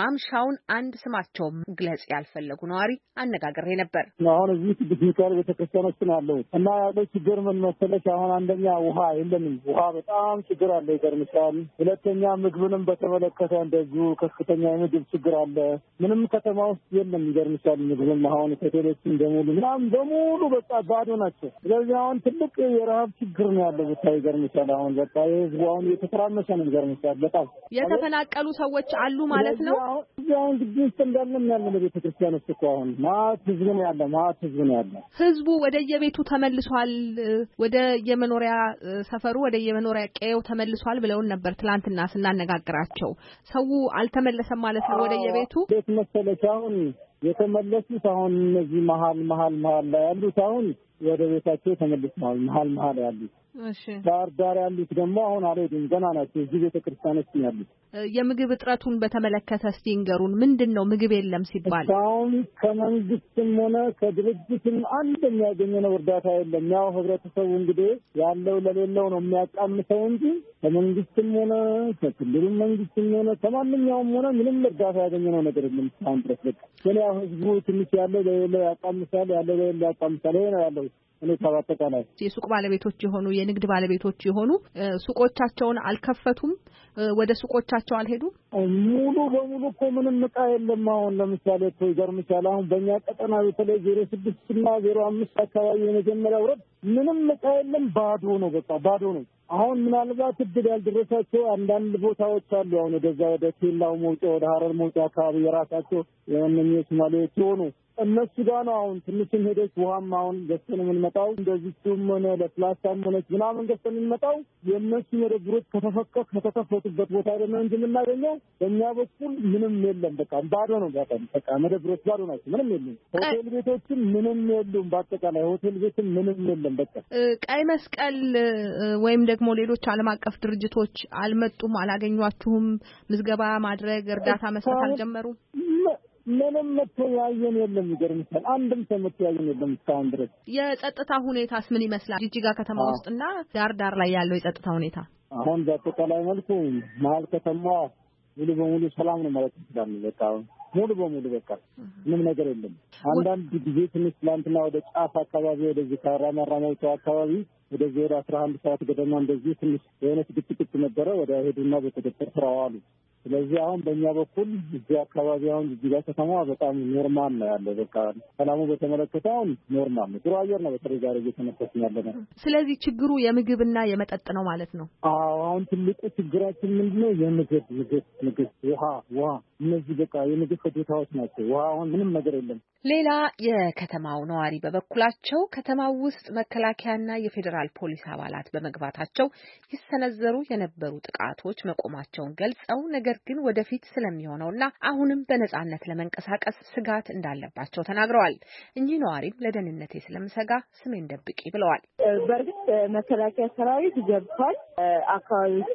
ማምሻውን አንድ ስማቸው መግለጽ ያልፈለጉ ነዋሪ አነጋግሬ ነበር። አሁን እዚህ ቤተክርስቲያን ቤተክርስቲያኖችን አለው እና ያለው ችግር ምን መሰለሽ? አሁን አንደኛ ውሃ የለንም። ውሃ በጣም ችግር አለ ይቀርምሻል። ሁለተኛ ምግብንም በተመለከተ እንደዚሁ ከፍተኛ የምግብ ችግር አለ። ምንም ከተማ ውስጥ የለም። ይገርምሻል። ምግብም አሁን ሆቴሎችን በሙሉ ምናምን በሙሉ በቃ ባዶ ናቸው። ስለዚህ አሁን ትልቅ የረሀብ ችግር ነው ያለው ቦታ ይገርምሻል። አሁን በቃ የህዝቡ አሁን የተተራመሰ ነው ይገርምሻል። በጣም የተፈናቀሉ ሰዎች አሉ ማለት ነው። እዚህ አሁን ግቢ ውስጥ እንዳለም ያለ ለቤተ ክርስቲያን ውስጥ እኮ አሁን ማት ህዝብ ነው ያለ ማት ህዝብ ነው ያለ። ህዝቡ ወደ የቤቱ ተመልሷል። ወደ የመኖሪያ ሰፈሩ ወደ የመኖሪያ ቀየው ተመልሷል ተመልሷል ብለውን ነበር ትላንትና ስናነጋግራቸው። ሰው አልተመለሰም ማለት ነው ወደ የቤቱ ቤት መሰለች። አሁን የተመለሱት አሁን እነዚህ መሀል መሀል መሀል ላይ ያሉት አሁን ወደ ቤታቸው ተመልሰዋል። መሀል መሀል ያሉት ባህር ዳር ያሉት ደግሞ አሁን አልሄዱም፣ ገና ናቸው። እዚህ ቤተ ክርስቲያን ውስጥ ያሉት። የምግብ እጥረቱን በተመለከተ እስቲ ንገሩን። ምንድን ነው ምግብ የለም ሲባል? አሁን ከመንግስትም ሆነ ከድርጅትም አንድ የሚያገኘነው እርዳታ የለም። ያው ህብረተሰቡ እንግዲህ ያለው ለሌለው ነው የሚያቃምሰው እንጂ ከመንግስትም ሆነ ከክልሉም መንግስትም ሆነ ከማንኛውም ሆነ ምንም እርዳታ ያገኘነው ነገር የለም እስካሁን ድረስ። በቃ ግን ያው ህዝቡ ትንሽ ያለው ለሌለው ያቃምሳል፣ ያለው ለሌለው ያቃምሳል። ይሄ ነው ያለው ሁኔታ በአጠቃላይ የሱቅ ባለቤቶች የሆኑ የንግድ ባለቤቶች የሆኑ ሱቆቻቸውን አልከፈቱም፣ ወደ ሱቆቻቸው አልሄዱም። ሙሉ በሙሉ እኮ ምንም እቃ የለም። አሁን ለምሳሌ እኮ ይገርምሻል፣ አሁን በእኛ ቀጠና በተለይ ዜሮ ስድስት እና ዜሮ አምስት አካባቢ የመጀመሪያ ውረድ ምንም እቃ የለም፣ ባዶ ነው፣ በቃ ባዶ ነው። አሁን ምናልባት እድል ያልደረሳቸው አንዳንድ ቦታዎች አሉ። አሁን ወደዛ ወደ ኬላው መውጫ፣ ወደ ሀረር መውጫ አካባቢ የራሳቸው የመነኞ ሶማሌዎች የሆኑ እነሱ ጋር ነው አሁን ትንሽም ሄደች ውሃም አሁን ገዝተን የምንመጣው እንደዚህም ሆነ ለፕላስታም ሆነች ምናምን ገዝተን የምንመጣው የእነሱ መደብሮች ከተፈከ ከተከፈቱበት ቦታ ደግሞ እንጂ የምናገኘው በእኛ በኩል ምንም የለም። በቃ ባዶ ነው። በጣም በቃ መደብሮች ባዶ ናቸው። ምንም የለም። ሆቴል ቤቶችም ምንም የሉም። በአጠቃላይ ሆቴል ቤትም ምንም የለም። በቃ ቀይ መስቀል ወይም ደግሞ ሌሎች ዓለም አቀፍ ድርጅቶች አልመጡም፣ አላገኟችሁም? ምዝገባ ማድረግ እርዳታ መስጠት አልጀመሩም? ምንም መተያየን የለም። ይገርምሻል፣ አንድም ሰው መተያየን የለም እስካሁን ድረስ። የጸጥታ ሁኔታስ ምን ይመስላል? ጅጅጋ ከተማ ውስጥና ዳር ዳር ላይ ያለው የጸጥታ ሁኔታ አሁን በአጠቃላይ መልኩ መሀል ከተማ ሙሉ በሙሉ ሰላም ነው ማለት ይችላል። በቃ ሙሉ በሙሉ በቃ ምንም ነገር የለም። አንዳንድ ጊዜ ትንሽ ትላንትና ወደ ጫፍ አካባቢ ወደዚህ ከራማ ራማዊቷ አካባቢ ወደዚህ ወደ አስራ አንድ ሰዓት ገደማ እንደዚህ ትንሽ የሆነች ግጭ ግጭ ነበረ። ወደ ሄዱና በቁጥጥር ስር አዋሉ። ስለዚህ አሁን በእኛ በኩል እዚህ አካባቢ አሁን ጅጅጋ ከተማ በጣም ኖርማል ነው ያለ። በቃ ሰላሙ በተመለከተ አሁን ኖርማል ነው፣ ጥሩ አየር ነው። በተለይ ዛሬ እየተነፈስን ያለ ነው። ስለዚህ ችግሩ የምግብና የመጠጥ ነው ማለት ነው። አዎ አሁን ትልቁ ችግራችን ምንድነው? የምግብ ምግብ ምግብ፣ ውሃ ውሃ፣ እነዚህ በቃ የምግብ ፍጆታዎች ናቸው። ውሃ አሁን ምንም ነገር የለም። ሌላ የከተማው ነዋሪ በበኩላቸው ከተማው ውስጥ መከላከያና የፌዴራል ፖሊስ አባላት በመግባታቸው ይሰነዘሩ የነበሩ ጥቃቶች መቆማቸውን ገልጸው ነገ ነገር ግን ወደፊት ስለሚሆነውና አሁንም በነጻነት ለመንቀሳቀስ ስጋት እንዳለባቸው ተናግረዋል። እኚህ ነዋሪም ለደህንነቴ ስለምሰጋ ስሜን ደብቂ ብለዋል። በእርግጥ መከላከያ ሰራዊት ገብቷል፣ አካባቢዎች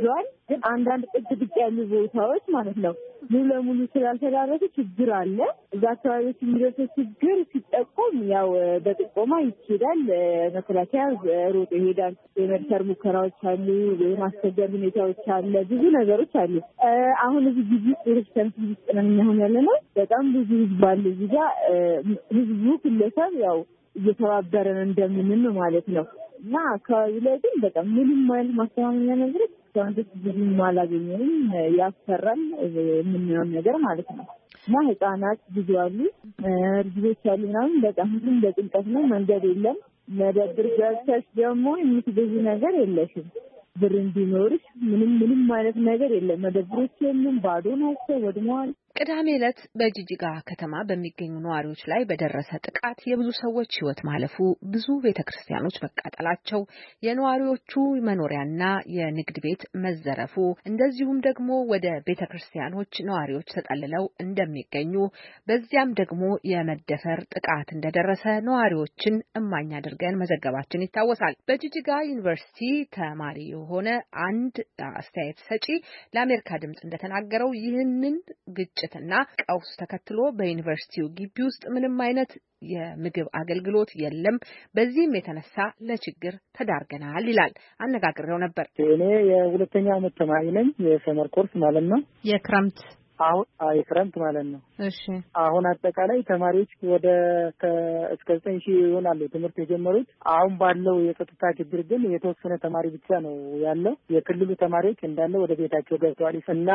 ይዟል። ግን አንዳንድ ጥግ ጥቅ ያሉ ቦታዎች ማለት ነው ሙሉ ለሙሉ ስላልተዳረሱ ችግር አለ። እዛ አካባቢዎች የሚደርሰው ችግር ሲጠቆም ያው በጥቆማ ይሄዳል። መከላከያ ሮጦ ይሄዳል። የመድፈር ሙከራዎች አሉ፣ የማስቸገር ሁኔታዎች አለ፣ ብዙ ነገሮች አሉ። አሁን እዚህ ጊዜ ቤተክርስቲያን ውስጥ ነን የሚሆን ያለ ነው። በጣም ብዙ ህዝብ አለ እዚህ ጋ ህዝቡ ግለሰብ ያው እየተባበረን እንደምንም ማለት ነው እና አካባቢ ላይ ግን በጣም ምንም አይነት ማስተማመኛ ነገሮች ሳይንቲስት ብዙም አላገኘንም። ያስፈራል የምናየውን ነገር ማለት ነው። እና ህጻናት ብዙ አሉ፣ እርግዞች አሉ ምናምን በጣም ሁሉም በጭንቀት ነው። መንገድ የለም። መደብር ገብተሽ ደግሞ የምትገዙ ነገር የለሽም። ብር እንዲኖርሽ ምንም ምንም አይነት ነገር የለም። መደብሮች የሉም፣ ባዶ ናቸው፣ ወድመዋል። ቅዳሜ ዕለት በጂጂጋ ከተማ በሚገኙ ነዋሪዎች ላይ በደረሰ ጥቃት የብዙ ሰዎች ሕይወት ማለፉ፣ ብዙ ቤተ ክርስቲያኖች መቃጠላቸው፣ የነዋሪዎቹ መኖሪያና የንግድ ቤት መዘረፉ፣ እንደዚሁም ደግሞ ወደ ቤተ ክርስቲያኖች ነዋሪዎች ተጠልለው እንደሚገኙ በዚያም ደግሞ የመደፈር ጥቃት እንደደረሰ ነዋሪዎችን እማኝ አድርገን መዘገባችን ይታወሳል። በጂጂጋ ዩኒቨርሲቲ ተማሪ የሆነ አንድ አስተያየት ሰጪ ለአሜሪካ ድምፅ እንደተናገረው ይህንን ግጭ ግጭትና ቀውስ ተከትሎ በዩኒቨርሲቲው ግቢ ውስጥ ምንም አይነት የምግብ አገልግሎት የለም። በዚህም የተነሳ ለችግር ተዳርገናል ይላል። አነጋግሬው ነበር። እኔ የሁለተኛ ዓመት ተማሪ ነኝ። የሰመር ኮርስ ማለት ነው። የክረምት አሁን የክረምት ማለት ነው። እሺ አሁን አጠቃላይ ተማሪዎች ወደ እስከ ዘጠኝ ሺህ ይሆናሉ ትምህርት የጀመሩት። አሁን ባለው የጸጥታ ችግር ግን የተወሰነ ተማሪ ብቻ ነው ያለው። የክልሉ ተማሪዎች እንዳለ ወደ ቤታቸው ገብተዋል እና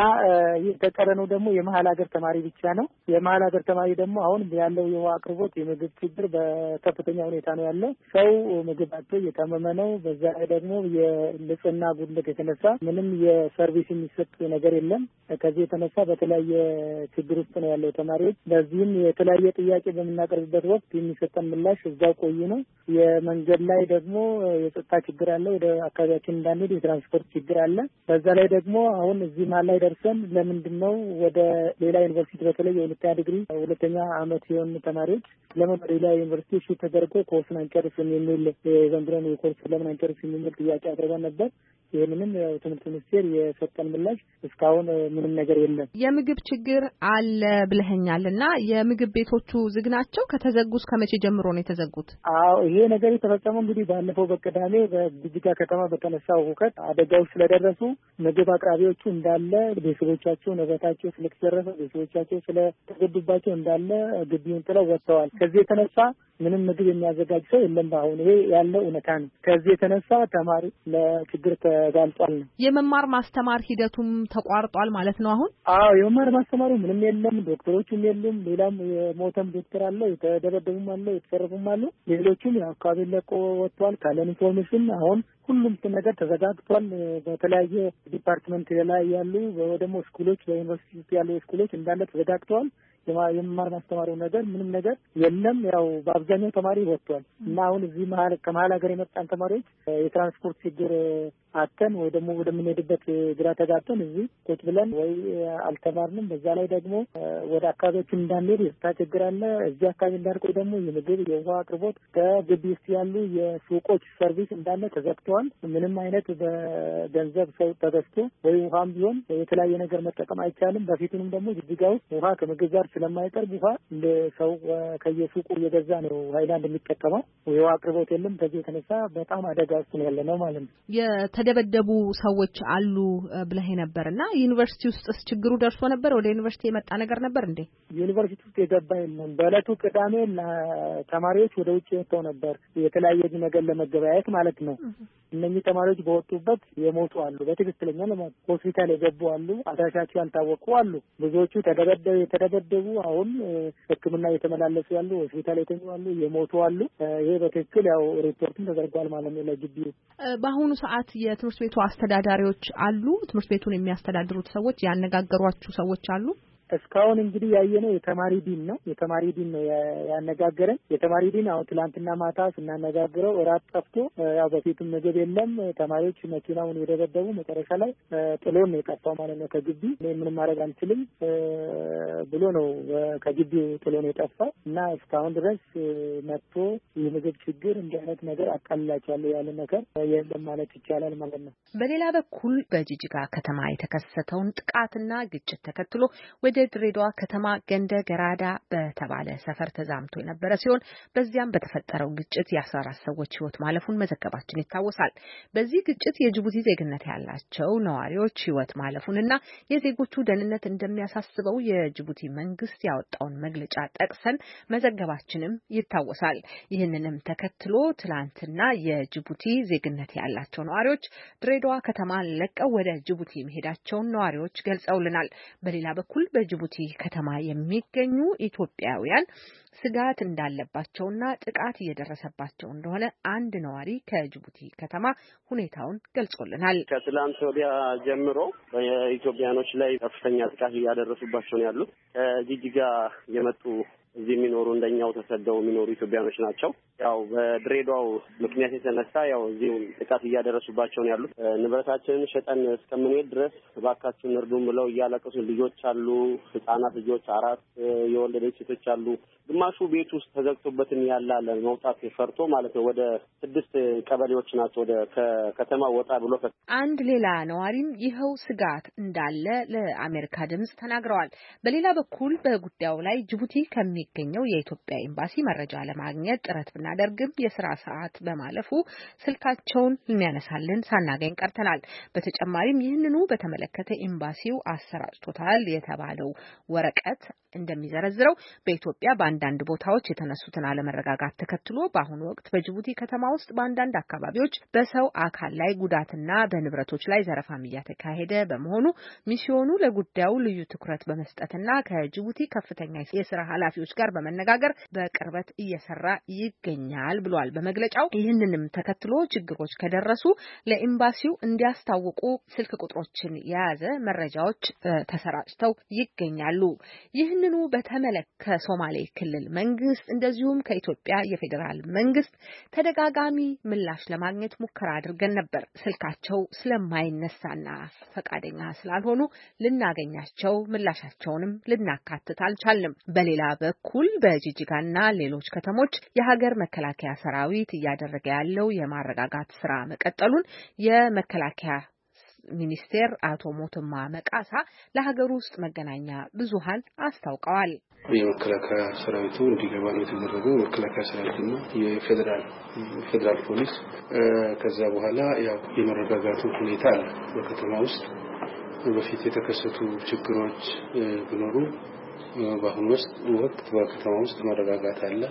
የተቀረነው ደግሞ የመሀል ሀገር ተማሪ ብቻ ነው። የመሀል ሀገር ተማሪ ደግሞ አሁን ያለው የውሃ አቅርቦት፣ የምግብ ችግር በከፍተኛ ሁኔታ ነው ያለው። ሰው ምግብ እየታመመ ነው። በዛ ላይ ደግሞ የንጽህና ጉድለት የተነሳ ምንም የሰርቪስ የሚሰጥ ነገር የለም። ከዚህ የተነሳ በተለ የተለያየ ችግር ውስጥ ነው ያለው ተማሪዎች። በዚህም የተለያየ ጥያቄ በምናቀርብበት ወቅት የሚሰጠን ምላሽ እዛው ቆዩ ነው። የመንገድ ላይ ደግሞ የጸጥታ ችግር አለ። ወደ አካባቢያችን እንዳንሄድ የትራንስፖርት ችግር አለ። በዛ ላይ ደግሞ አሁን እዚህ መሀል ላይ ደርሰን ለምንድን ነው ወደ ሌላ ዩኒቨርሲቲ በተለይ የሁለተኛ ዲግሪ ሁለተኛ አመት የሆኑ ተማሪዎች ለምን ወደ ሌላ ዩኒቨርሲቲ እሺ ተደርጎ ኮርስን አንጨርስም የሚል ዘንድሮን የኮርስ ለምን አንጨርስም የሚል ጥያቄ አቅርበን ነበር። ይህንንም ያው ትምህርት ሚኒስቴር የሰጠን ምላሽ እስካሁን ምንም ነገር የለም። የምግብ ችግር አለ ብለኸኛል እና የምግብ ቤቶቹ ዝግ ናቸው። ከተዘጉ እስከ መቼ ጀምሮ ነው የተዘጉት? አዎ ይሄ ነገር የተፈጸመው እንግዲህ ባለፈው በቅዳሜ በጅጅጋ ከተማ በተነሳው ሁከት አደጋዎች ስለደረሱ ምግብ አቅራቢዎቹ እንዳለ ቤተሰቦቻቸው ንብረታቸው ስለተዘረፈ ቤተሰቦቻቸው ስለተገዱባቸው እንዳለ ግቢውን ጥለው ወጥተዋል። ከዚህ የተነሳ ምንም ምግብ የሚያዘጋጅ ሰው የለም። በአሁኑ ይሄ ያለው እውነታ ነው። ከዚህ የተነሳ ተማሪ ለችግር ተጋልጧል ነው። የመማር ማስተማር ሂደቱም ተቋርጧል ማለት ነው አሁን? አዎ የመማር ማስተማሩ ምንም የለም፣ ዶክተሮቹም የሉም። ሌላም የሞተም ዶክተር አለ፣ የተደበደቡም አለ፣ የተሰረፉም አሉ። ሌሎቹም አካባቢ ለቆ ወጥቷል። ካለን ኢንፎርሜሽን አሁን ሁሉም ነገር ተዘጋግቷል። በተለያየ ዲፓርትመንት ላይ ያሉ ደግሞ ስኩሎች፣ በዩኒቨርሲቲ ያሉ ስኩሎች እንዳለ ተዘጋግተዋል። የመማር ማስተማሪው ነገር ምንም ነገር የለም። ያው በአብዛኛው ተማሪ ወጥቷል እና አሁን እዚህ ከመሀል ሀገር የመጣን ተማሪዎች የትራንስፖርት ችግር አተን ወይ ደግሞ ወደምንሄድበት ግራ ተጋብተን እዚህ ቁጭ ብለን ወይ አልተማርንም። በዛ ላይ ደግሞ ወደ አካባቢዎችን እንዳንሄድ የስታ ችግር አለ። እዚህ አካባቢ እንዳርቆ ደግሞ የምግብ የውሃ አቅርቦት ከግቢ ውስጥ ያሉ የሱቆች ሰርቪስ እንዳለ ተዘግተዋል። ምንም አይነት በገንዘብ ሰው ተገዝቶ ወይ ውሃም ቢሆን የተለያየ ነገር መጠቀም አይቻልም። በፊቱንም ደግሞ ጅጅጋ ውስጥ ውሃ ከምግብ ጋር ስለማይቀርብ ውሃ ሰው ከየሱቁ እየገዛ ነው ሀይላንድ የሚጠቀመው። የውሃ አቅርቦት የለም። ከዚህ የተነሳ በጣም አደጋ ውስጥ ነው ያለ ነው ማለት ነው። የተደበደቡ ሰዎች አሉ ብለህ ነበር እና ዩኒቨርሲቲ ውስጥስ ችግሩ ደርሶ ነበር? ወደ ዩኒቨርሲቲ የመጣ ነገር ነበር እንዴ? ዩኒቨርሲቲ ውስጥ የገባ የለም። በእለቱ ቅዳሜ ተማሪዎች ወደ ውጭ ወጥተው ነበር፣ የተለያየ ነገር ለመገበያየት ማለት ነው። እነኚህ ተማሪዎች በወጡበት የሞቱ አሉ፣ በትክክለኛ ሆስፒታል የገቡ አሉ፣ አድራሻቸው ያልታወቁ አሉ። ብዙዎቹ ተደበደ የተደበደቡ አሁን ሕክምና እየተመላለሱ ያሉ ሆስፒታል የተኙ አሉ፣ የሞቱ አሉ። ይሄ በትክክል ያው ሪፖርትም ተደርጓል ማለት ነው ለግቢው በአሁኑ ሰዓት የትምህርት ቤቱ አስተዳዳሪዎች አሉ? ትምህርት ቤቱን የሚያስተዳድሩት ሰዎች ያነጋገሯችሁ ሰዎች አሉ? እስካሁን እንግዲህ ያየነው የተማሪ ዲን ነው። የተማሪ ዲን ነው ያነጋገረን። የተማሪ ዲን አሁን ትላንትና ማታ ስናነጋግረው እራት ጠፍቶ ያው በፊቱም ምግብ የለም ተማሪዎች መኪናውን የደበደቡ መጨረሻ ላይ ጥሎን ነው የጠፋው ማለት ነው ከግቢ ምንም ማድረግ አንችልም ብሎ ነው ከግቢው ጥሎ ነው የጠፋው እና እስካሁን ድረስ መጥቶ የምግብ ችግር እንዲህ አይነት ነገር አቃልላቸዋለሁ ያለ ነገር የለም ማለት ይቻላል ማለት ነው። በሌላ በኩል በጅጅጋ ከተማ የተከሰተውን ጥቃትና ግጭት ተከትሎ ወደ የድሬዳዋ ከተማ ገንደ ገራዳ በተባለ ሰፈር ተዛምቶ የነበረ ሲሆን በዚያም በተፈጠረው ግጭት የ14 ሰዎች ህይወት ማለፉን መዘገባችን ይታወሳል። በዚህ ግጭት የጅቡቲ ዜግነት ያላቸው ነዋሪዎች ማለፉን ማለፉንና የዜጎቹ ደህንነት እንደሚያሳስበው የጅቡቲ መንግስት ያወጣውን መግለጫ ጠቅሰን መዘገባችንም ይታወሳል። ይህንንም ተከትሎ ትላንትና የጅቡቲ ዜግነት ያላቸው ነዋሪዎች ድሬዳዋ ከተማን ለቀው ወደ ጅቡቲ መሄዳቸውን ነዋሪዎች ገልጸውልናል። በሌላ በኩል በጅቡቲ ከተማ የሚገኙ ኢትዮጵያውያን ስጋት እንዳለባቸውና ጥቃት እየደረሰባቸው እንደሆነ አንድ ነዋሪ ከጅቡቲ ከተማ ሁኔታውን ገልጾልናል። ከትላንት ወዲያ ጀምሮ በኢትዮጵያኖች ላይ ከፍተኛ ጥቃት እያደረሱባቸው ነው ያሉት ከጅጅጋ የመጡ እዚህ የሚኖሩ እንደኛው ተሰደው የሚኖሩ ኢትዮጵያኖች ናቸው። ያው በድሬዳዋው ምክንያት የተነሳ ያው እዚሁ ጥቃት እያደረሱባቸው ነው ያሉት። ንብረታችንን ሸጠን እስከምንሄድ ድረስ እባካችን እርዱን ብለው እያለቀሱ ልጆች አሉ፣ ህጻናት ልጆች፣ አራት የወለደች ሴቶች አሉ። ግማሹ ቤት ውስጥ ተዘግቶበትን ያላለ መውጣት ፈርቶ ማለት ነው። ወደ ስድስት ቀበሌዎች ናቸው ወደ ከተማ ወጣ ብሎ አንድ ሌላ ነዋሪም ይኸው ስጋት እንዳለ ለአሜሪካ ድምጽ ተናግረዋል። በሌላ በኩል በጉዳዩ ላይ ጅቡቲ ከሚ ከሚገኘው የኢትዮጵያ ኤምባሲ መረጃ ለማግኘት ጥረት ብናደርግም የስራ ሰዓት በማለፉ ስልካቸውን የሚያነሳልን ሳናገኝ ቀርተናል። በተጨማሪም ይህንኑ በተመለከተ ኤምባሲው አሰራጭቶታል የተባለው ወረቀት እንደሚዘረዝረው በኢትዮጵያ በአንዳንድ ቦታዎች የተነሱትን አለመረጋጋት ተከትሎ በአሁኑ ወቅት በጅቡቲ ከተማ ውስጥ በአንዳንድ አካባቢዎች በሰው አካል ላይ ጉዳትና በንብረቶች ላይ ዘረፋም እያተካሄደ በመሆኑ ሚስዮኑ ለጉዳዩ ልዩ ትኩረት በመስጠትና ከጅቡቲ ከፍተኛ የስራ ኃላፊዎች አካሎች ጋር በመነጋገር በቅርበት እየሰራ ይገኛል ብሏል። በመግለጫው ይህንንም ተከትሎ ችግሮች ከደረሱ ለኤምባሲው እንዲያስታውቁ ስልክ ቁጥሮችን የያዘ መረጃዎች ተሰራጭተው ይገኛሉ። ይህንኑ በተመለከተ ከሶማሌ ክልል መንግስት እንደዚሁም ከኢትዮጵያ የፌዴራል መንግስት ተደጋጋሚ ምላሽ ለማግኘት ሙከራ አድርገን ነበር። ስልካቸው ስለማይነሳና ፈቃደኛ ስላልሆኑ ልናገኛቸው ምላሻቸውንም ልናካትት አልቻልንም። በሌላ በኩል በኩል በጂጂጋና ሌሎች ከተሞች የሀገር መከላከያ ሰራዊት እያደረገ ያለው የማረጋጋት ስራ መቀጠሉን የመከላከያ ሚኒስቴር አቶ ሞትማ መቃሳ ለሀገር ውስጥ መገናኛ ብዙኃን አስታውቀዋል። የመከላከያ ሰራዊቱ እንዲገባ ነው የተደረገው። መከላከያ ሰራዊትና የፌዴራል ፌዴራል ፖሊስ ከዛ በኋላ ያው የመረጋጋቱ ሁኔታ አለ። በከተማ ውስጥ በፊት የተከሰቱ ችግሮች ቢኖሩ በአሁኑ ውስጥ ወቅት በከተማ ውስጥ መረጋጋት አለ።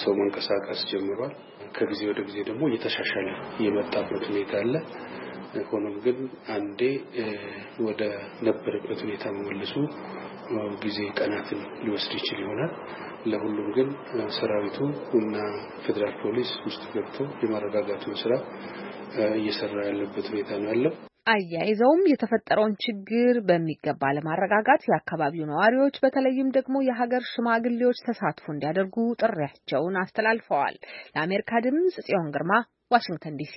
ሰው መንቀሳቀስ ጀምሯል። ከጊዜ ወደ ጊዜ ደግሞ እየተሻሻለ የመጣበት ሁኔታ አለ። ሆኖም ግን አንዴ ወደ ነበረበት ሁኔታ መመለሱ ጊዜ ቀናትን ሊወስድ ይችል ይሆናል። ለሁሉም ግን ሰራዊቱ እና ፌዴራል ፖሊስ ውስጥ ገብቶ የማረጋጋቱን ስራ እየሰራ ያለበት ሁኔታ ነው ያለው። አያይዘውም የተፈጠረውን ችግር በሚገባ ለማረጋጋት የአካባቢው ነዋሪዎች በተለይም ደግሞ የሀገር ሽማግሌዎች ተሳትፎ እንዲያደርጉ ጥሪያቸውን አስተላልፈዋል። ለአሜሪካ ድምጽ ጽዮን ግርማ ዋሽንግተን ዲሲ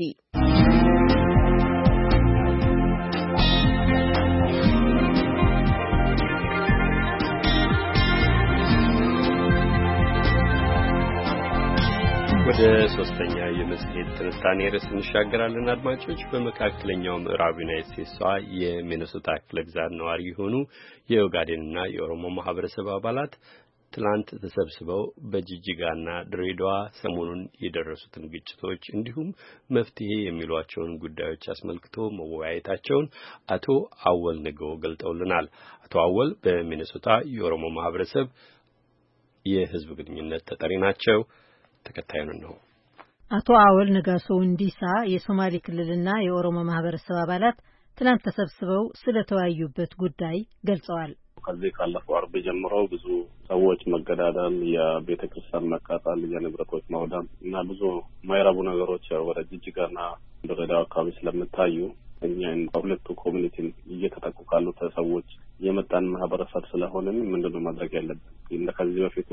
ወደ ሶስተኛ የመጽሔት ትንታኔ ርዕስ እንሻገራለን። አድማጮች በመካከለኛው ምዕራብ ዩናይት ስቴትሷ የሚነሶታ ክፍለ ግዛት ነዋሪ የሆኑ የኦጋዴንና የኦሮሞ ማህበረሰብ አባላት ትላንት ተሰብስበው በጅጅጋና ድሬዳዋ ሰሞኑን የደረሱትን ግጭቶች እንዲሁም መፍትሄ የሚሏቸውን ጉዳዮች አስመልክቶ መወያየታቸውን አቶ አወል ንገው ገልጠውልናል። አቶ አወል በሚነሶታ የኦሮሞ ማህበረሰብ የህዝብ ግንኙነት ተጠሪ ናቸው። ተከታዩን ነው። አቶ አወል ነጋሶ እንዲሳ የሶማሌ ክልልና የኦሮሞ ማህበረሰብ አባላት ትናንት ተሰብስበው ስለተወያዩበት ጉዳይ ገልጸዋል። ከዚህ ካለፈው አርብ ጀምሮ ብዙ ሰዎች መገዳደል፣ የቤተ ክርስቲያን መቃጠል፣ የንብረቶች ማውደም እና ብዙ ማይረቡ ነገሮች ወደ ጅጅጋና ድሬዳዋ አካባቢ ስለምታዩ እኛ በሁለቱ ኮሚኒቲ እየተጠቁ ካሉት ሰዎች የመጣን ማህበረሰብ ስለሆንን ምንድነው ማድረግ ያለብን እንደ ከዚህ በፊቱ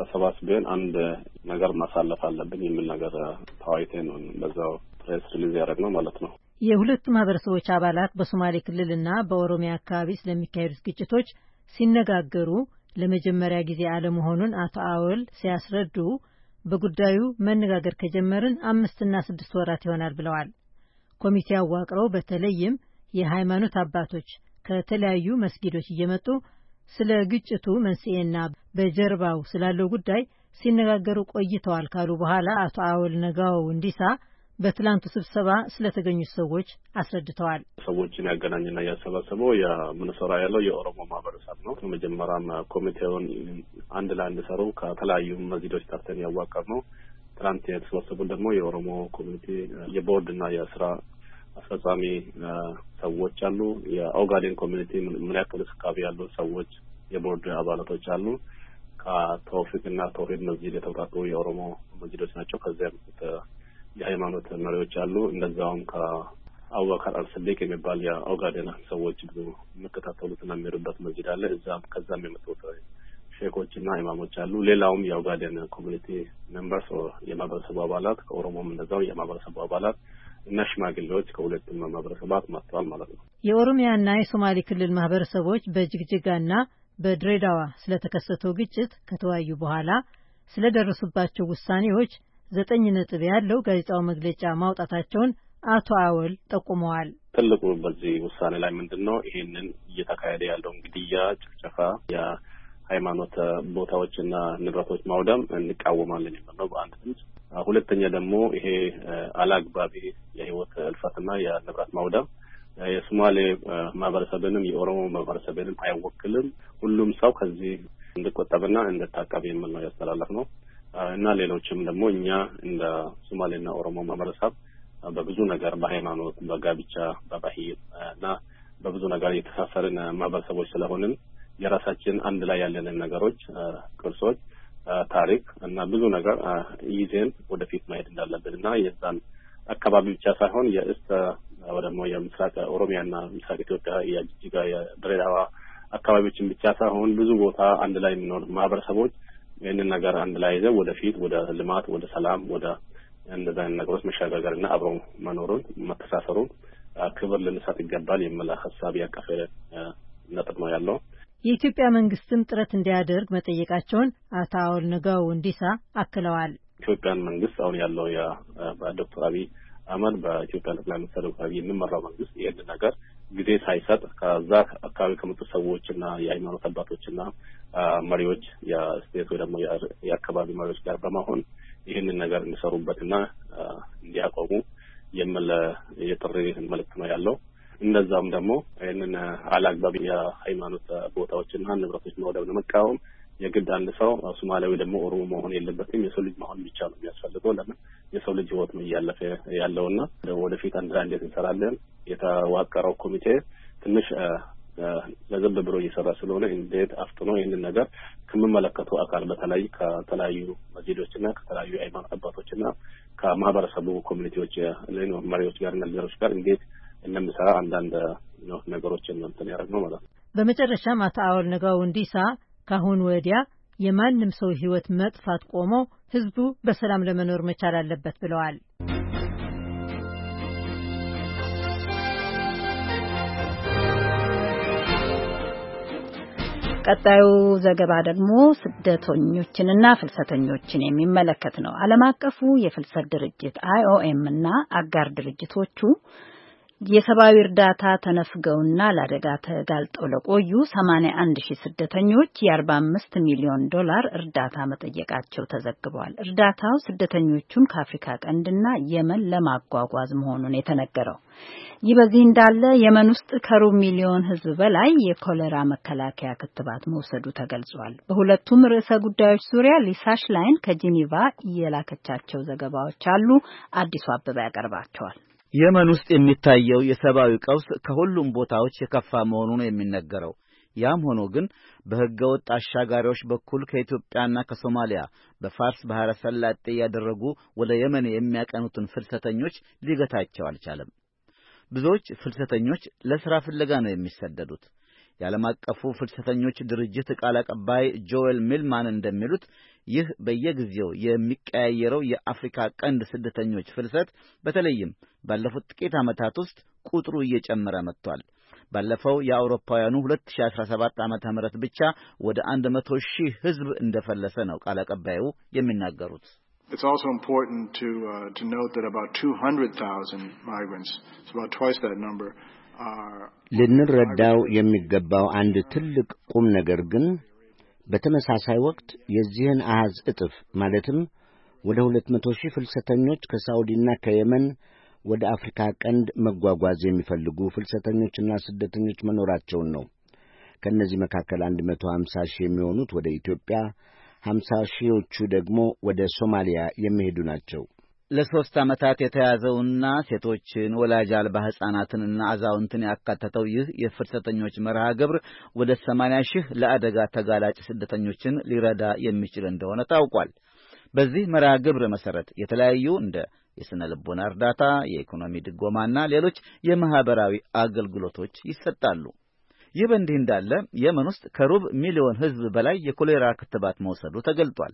ተሰባስቤን አንድ ነገር ማሳለፍ አለብን የሚል ነገር ነው በዛው ፕሬስ ሪሊዝ ያደረግነው ማለት ነው። የሁለቱ ማህበረሰቦች አባላት በሶማሌ ክልልና በኦሮሚያ አካባቢ ስለሚካሄዱት ግጭቶች ሲነጋገሩ ለመጀመሪያ ጊዜ አለመሆኑን አቶ አወል ሲያስረዱ በጉዳዩ መነጋገር ከጀመርን አምስትና ስድስት ወራት ይሆናል ብለዋል። ኮሚቴ አዋቅረው በተለይም የሃይማኖት አባቶች ከተለያዩ መስጊዶች እየመጡ ስለ ግጭቱ መንስኤና በጀርባው ስላለው ጉዳይ ሲነጋገሩ ቆይተዋል ካሉ በኋላ አቶ አወል ነጋው እንዲሳ በትላንቱ ስብሰባ ስለተገኙት ሰዎች አስረድተዋል። ሰዎችን ያገናኝና እያሰባሰበው የምንሰራ ያለው የኦሮሞ ማህበረሰብ ነው። መጀመሪያም ኮሚቴውን አንድ ላይ እንዲሰሩ ከተለያዩ መዚዶች ጠርተን ያዋቀር ነው። ትላንት የተሰባሰቡን ደግሞ የኦሮሞ ኮሚኒቲ የቦርድና የስራ አስፈጻሚ ሰዎች አሉ። የኦጋዴን ኮሚኒቲ ምን ያክል እስካቢ ያሉ ሰዎች የቦርድ አባላቶች አሉ። ከተውፊቅ እና ተውሂድ መስጂድ የተውጣጡ የኦሮሞ መስጂዶች ናቸው። ከዚያም የሃይማኖት መሪዎች አሉ። እንደዛውም ከአቡበከር አልስዲቅ የሚባል የኦጋዴን ሰዎች ብዙ የምከታተሉት የሚከታተሉትና የሚሄዱበት መስጂድ አለ። እዛም ከዛም የመጡት ሼኮች እና ኢማሞች አሉ። ሌላውም የኦጋዴን ኮሚኒቲ ሜምበርስ የማህበረሰቡ አባላት ከኦሮሞም እንደዛው የማህበረሰቡ አባላት እና ሽማግሌዎች ከሁለቱም ማህበረሰባት ማስተዋል ማለት ነው። የኦሮሚያና የሶማሌ ክልል ማህበረሰቦች በጅግጅጋና በድሬዳዋ ስለተከሰተው ግጭት ከተወያዩ በኋላ ስለደረሱባቸው ውሳኔዎች ዘጠኝ ነጥብ ያለው ጋዜጣው መግለጫ ማውጣታቸውን አቶ አወል ጠቁመዋል። ትልቁ በዚህ ውሳኔ ላይ ምንድን ነው? ይህንን እየተካሄደ ያለውን ግድያ፣ ጭፍጨፋ፣ የሃይማኖት ቦታዎችና ንብረቶች ማውደም እንቃወማለን የሚል ነው በአንድ ድምጽ። ሁለተኛ ደግሞ ይሄ አላግባቢ የህይወት እልፈትና የንብረት ማውደም የሶማሌ ማህበረሰብንም የኦሮሞ ማህበረሰብንም አይወክልም። ሁሉም ሰው ከዚህ እንድቆጠብና እንድታቀብ የሚል ነው ያስተላለፍ ነው እና ሌሎችም ደግሞ እኛ እንደ ሶማሌና ኦሮሞ ማህበረሰብ በብዙ ነገር በሃይማኖት፣ በጋብቻ፣ በባህል እና በብዙ ነገር የተሳሰርን ማህበረሰቦች ስለሆንን የራሳችን አንድ ላይ ያለንን ነገሮች፣ ቅርሶች ታሪክ እና ብዙ ነገር ይዜን ወደፊት ማሄድ እንዳለብን እና የዛን አካባቢ ብቻ ሳይሆን የእስተ ደግሞ የምስራቅ ኦሮሚያና ምስራቅ ኢትዮጵያ የጅጅጋ የድሬዳዋ አካባቢዎችን ብቻ ሳይሆን ብዙ ቦታ አንድ ላይ የሚኖር ማህበረሰቦች ይህንን ነገር አንድ ላይ ይዘው ወደፊት ወደ ልማት፣ ወደ ሰላም፣ ወደ እንደዛ አይነት ነገሮች መሸጋገርና አብረው መኖሩን መተሳሰሩን ክብር ልንሰጥ ይገባል የሚል ሀሳብ ያቀፈ ነጥብ ነው ያለው። የኢትዮጵያ መንግስትም ጥረት እንዲያደርግ መጠየቃቸውን አቶ አወል ንጋው እንዲሳ አክለዋል። ኢትዮጵያን መንግስት አሁን ያለው ዶክተር አብይ አህመድ በኢትዮጵያ ጠቅላይ ሚኒስትር ዶክተር አብይ የሚመራው መንግስት ይህን ነገር ጊዜ ሳይሰጥ ከዛ አካባቢ ከመጡ ሰዎችና የሃይማኖት አባቶችና መሪዎች የስቴት ወይ ደግሞ የአካባቢ መሪዎች ጋር በመሆን ይህንን ነገር እንዲሰሩበትና እንዲያቆሙ የምል የጥሪ መልእክት ነው ያለው። እንደዛም ደግሞ ይህንን አላግባብ የሃይማኖት ቦታዎችና ንብረቶች መውደብ ለመቃወም የግድ አንድ ሰው ሶማሌያዊ ደግሞ ኦሮሞ መሆን የለበትም። የሰው ልጅ መሆን ብቻ ነው የሚያስፈልገው። ለምን የሰው ልጅ ህይወት ነው እያለፈ ያለውና ወደፊት አንድ ላይ እንዴት እንሰራለን። የተዋቀረው ኮሚቴ ትንሽ ለዘብ ብሎ እየሰራ ስለሆነ እንዴት አፍጥኖ ይህንን ነገር ከምመለከቱ አካል በተለይ ከተለያዩ መስጊዶችና ከተለያዩ ሃይማኖት አባቶችና ከማህበረሰቡ ኮሚኒቲዎች መሪዎች ጋር ጋርና ሊደሮች ጋር እንዴት እንደምሰራ አንዳንድ ነገሮችን እንትን ነው ማለት ነው። በመጨረሻም አቶ አወል ነጋው እንዲሳ ከአሁን ወዲያ የማንም ሰው ህይወት መጥፋት ቆሞ ህዝቡ በሰላም ለመኖር መቻል አለበት ብለዋል። ቀጣዩ ዘገባ ደግሞ ስደተኞችንና ፍልሰተኞችን የሚመለከት ነው። ዓለም አቀፉ የፍልሰት ድርጅት አይኦኤም እና አጋር ድርጅቶቹ የሰብአዊ እርዳታ ተነፍገውና ለአደጋ ተጋልጠው ለቆዩ 81 ሺህ ስደተኞች የ45 ሚሊዮን ዶላር እርዳታ መጠየቃቸው ተዘግቧል። እርዳታው ስደተኞቹን ከአፍሪካ ቀንድና የመን ለማጓጓዝ መሆኑን የተነገረው። ይህ በዚህ እንዳለ የመን ውስጥ ከሩብ ሚሊዮን ሕዝብ በላይ የኮሌራ መከላከያ ክትባት መውሰዱ ተገልጿል። በሁለቱም ርዕሰ ጉዳዮች ዙሪያ ሊሳሽ ላይን ከጄኔቫ የላከቻቸው ዘገባዎች አሉ። አዲሱ አበባ ያቀርባቸዋል። የመን ውስጥ የሚታየው የሰብአዊ ቀውስ ከሁሉም ቦታዎች የከፋ መሆኑ ነው የሚነገረው። ያም ሆኖ ግን በሕገ ወጥ አሻጋሪዎች በኩል ከኢትዮጵያና ከሶማሊያ በፋርስ ባሕረ ሰላጤ እያደረጉ ወደ የመን የሚያቀኑትን ፍልሰተኞች ሊገታቸው አልቻለም። ብዙዎች ፍልሰተኞች ለሥራ ፍለጋ ነው የሚሰደዱት። የዓለም አቀፉ ፍልሰተኞች ድርጅት ቃል አቀባይ ጆኤል ሚልማን እንደሚሉት ይህ በየጊዜው የሚቀያየረው የአፍሪካ ቀንድ ስደተኞች ፍልሰት በተለይም ባለፉት ጥቂት ዓመታት ውስጥ ቁጥሩ እየጨመረ መጥቷል። ባለፈው የአውሮፓውያኑ 2017 ዓ.ም ብቻ ወደ 100 ሺህ ሕዝብ እንደፈለሰ ነው ቃል አቀባዩ የሚናገሩት። ልንረዳው የሚገባው አንድ ትልቅ ቁም ነገር ግን በተመሳሳይ ወቅት የዚህን አሃዝ እጥፍ ማለትም ወደ ሁለት መቶ ሺህ ፍልሰተኞች ከሳውዲና ከየመን ወደ አፍሪካ ቀንድ መጓጓዝ የሚፈልጉ ፍልሰተኞችና ስደተኞች መኖራቸውን ነው። ከእነዚህ መካከል አንድ መቶ ሀምሳ ሺህ የሚሆኑት ወደ ኢትዮጵያ፣ ሀምሳ ሺዎቹ ደግሞ ወደ ሶማሊያ የሚሄዱ ናቸው። ለሦስት ዓመታት የተያዘውና ሴቶችን ወላጅ አልባ ሕፃናትንና አዛውንትን ያካተተው ይህ የፍልሰተኞች መርሃ ግብር ወደ 80 ሺህ ለአደጋ ተጋላጭ ስደተኞችን ሊረዳ የሚችል እንደሆነ ታውቋል። በዚህ መርሃ ግብር መሠረት የተለያዩ እንደ የሥነ ልቦና እርዳታ፣ የኢኮኖሚ ድጎማና ሌሎች የማኅበራዊ አገልግሎቶች ይሰጣሉ። ይህ በእንዲህ እንዳለ የመን ውስጥ ከሩብ ሚሊዮን ሕዝብ በላይ የኮሌራ ክትባት መውሰዱ ተገልጧል።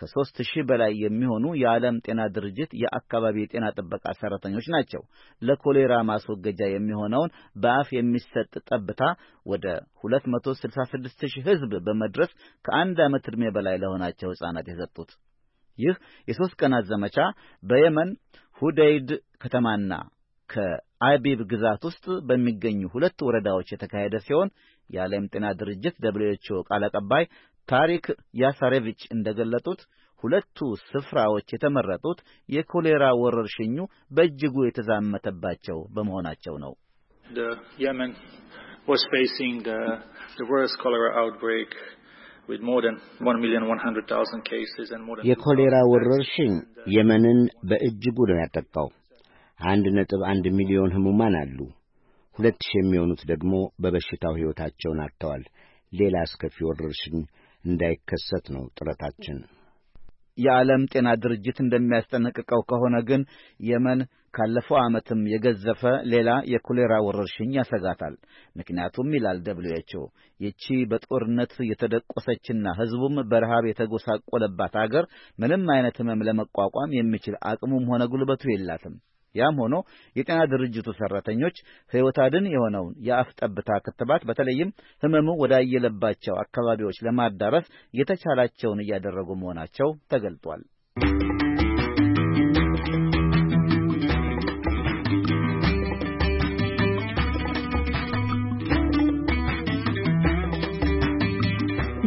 ከሦስት ሺህ በላይ የሚሆኑ የዓለም ጤና ድርጅት የአካባቢ የጤና ጥበቃ ሠራተኞች ናቸው። ለኮሌራ ማስወገጃ የሚሆነውን በአፍ የሚሰጥ ጠብታ ወደ 266 ሺህ ሕዝብ በመድረስ ከአንድ ዓመት ዕድሜ በላይ ለሆናቸው ሕፃናት የሰጡት። ይህ የሦስት ቀናት ዘመቻ በየመን ሁደይድ ከተማና ከአቢብ ግዛት ውስጥ በሚገኙ ሁለት ወረዳዎች የተካሄደ ሲሆን የዓለም ጤና ድርጅት ደብልዩ ቃል አቀባይ ታሪክ ያሳሬቪች እንደ ገለጡት ሁለቱ ስፍራዎች የተመረጡት የኮሌራ ወረርሽኙ በእጅጉ የተዛመተባቸው በመሆናቸው ነው። የኮሌራ ወረርሽኝ የመንን በእጅጉ ነው ያጠቃው። አንድ ነጥብ አንድ ሚሊዮን ህሙማን አሉ። ሁለት ሺህ የሚሆኑት ደግሞ በበሽታው ሕይወታቸውን አጥተዋል። ሌላ አስከፊ ወረርሽኝ እንዳይከሰት ነው ጥረታችን። የዓለም ጤና ድርጅት እንደሚያስጠነቅቀው ከሆነ ግን የመን ካለፈው ዓመትም የገዘፈ ሌላ የኮሌራ ወረርሽኝ ያሰጋታል። ምክንያቱም ይላል ደብሊው ኤች ኦ ይቺ በጦርነት የተደቆሰችና ሕዝቡም በረሃብ የተጎሳቆለባት አገር ምንም አይነት ህመም ለመቋቋም የሚችል አቅሙም ሆነ ጉልበቱ የላትም። ያም ሆኖ የጤና ድርጅቱ ሰራተኞች ሕይወት አድን የሆነውን የአፍ ጠብታ ክትባት በተለይም ህመሙ ወዳየለባቸው አካባቢዎች ለማዳረስ የተቻላቸውን እያደረጉ መሆናቸው ተገልጧል።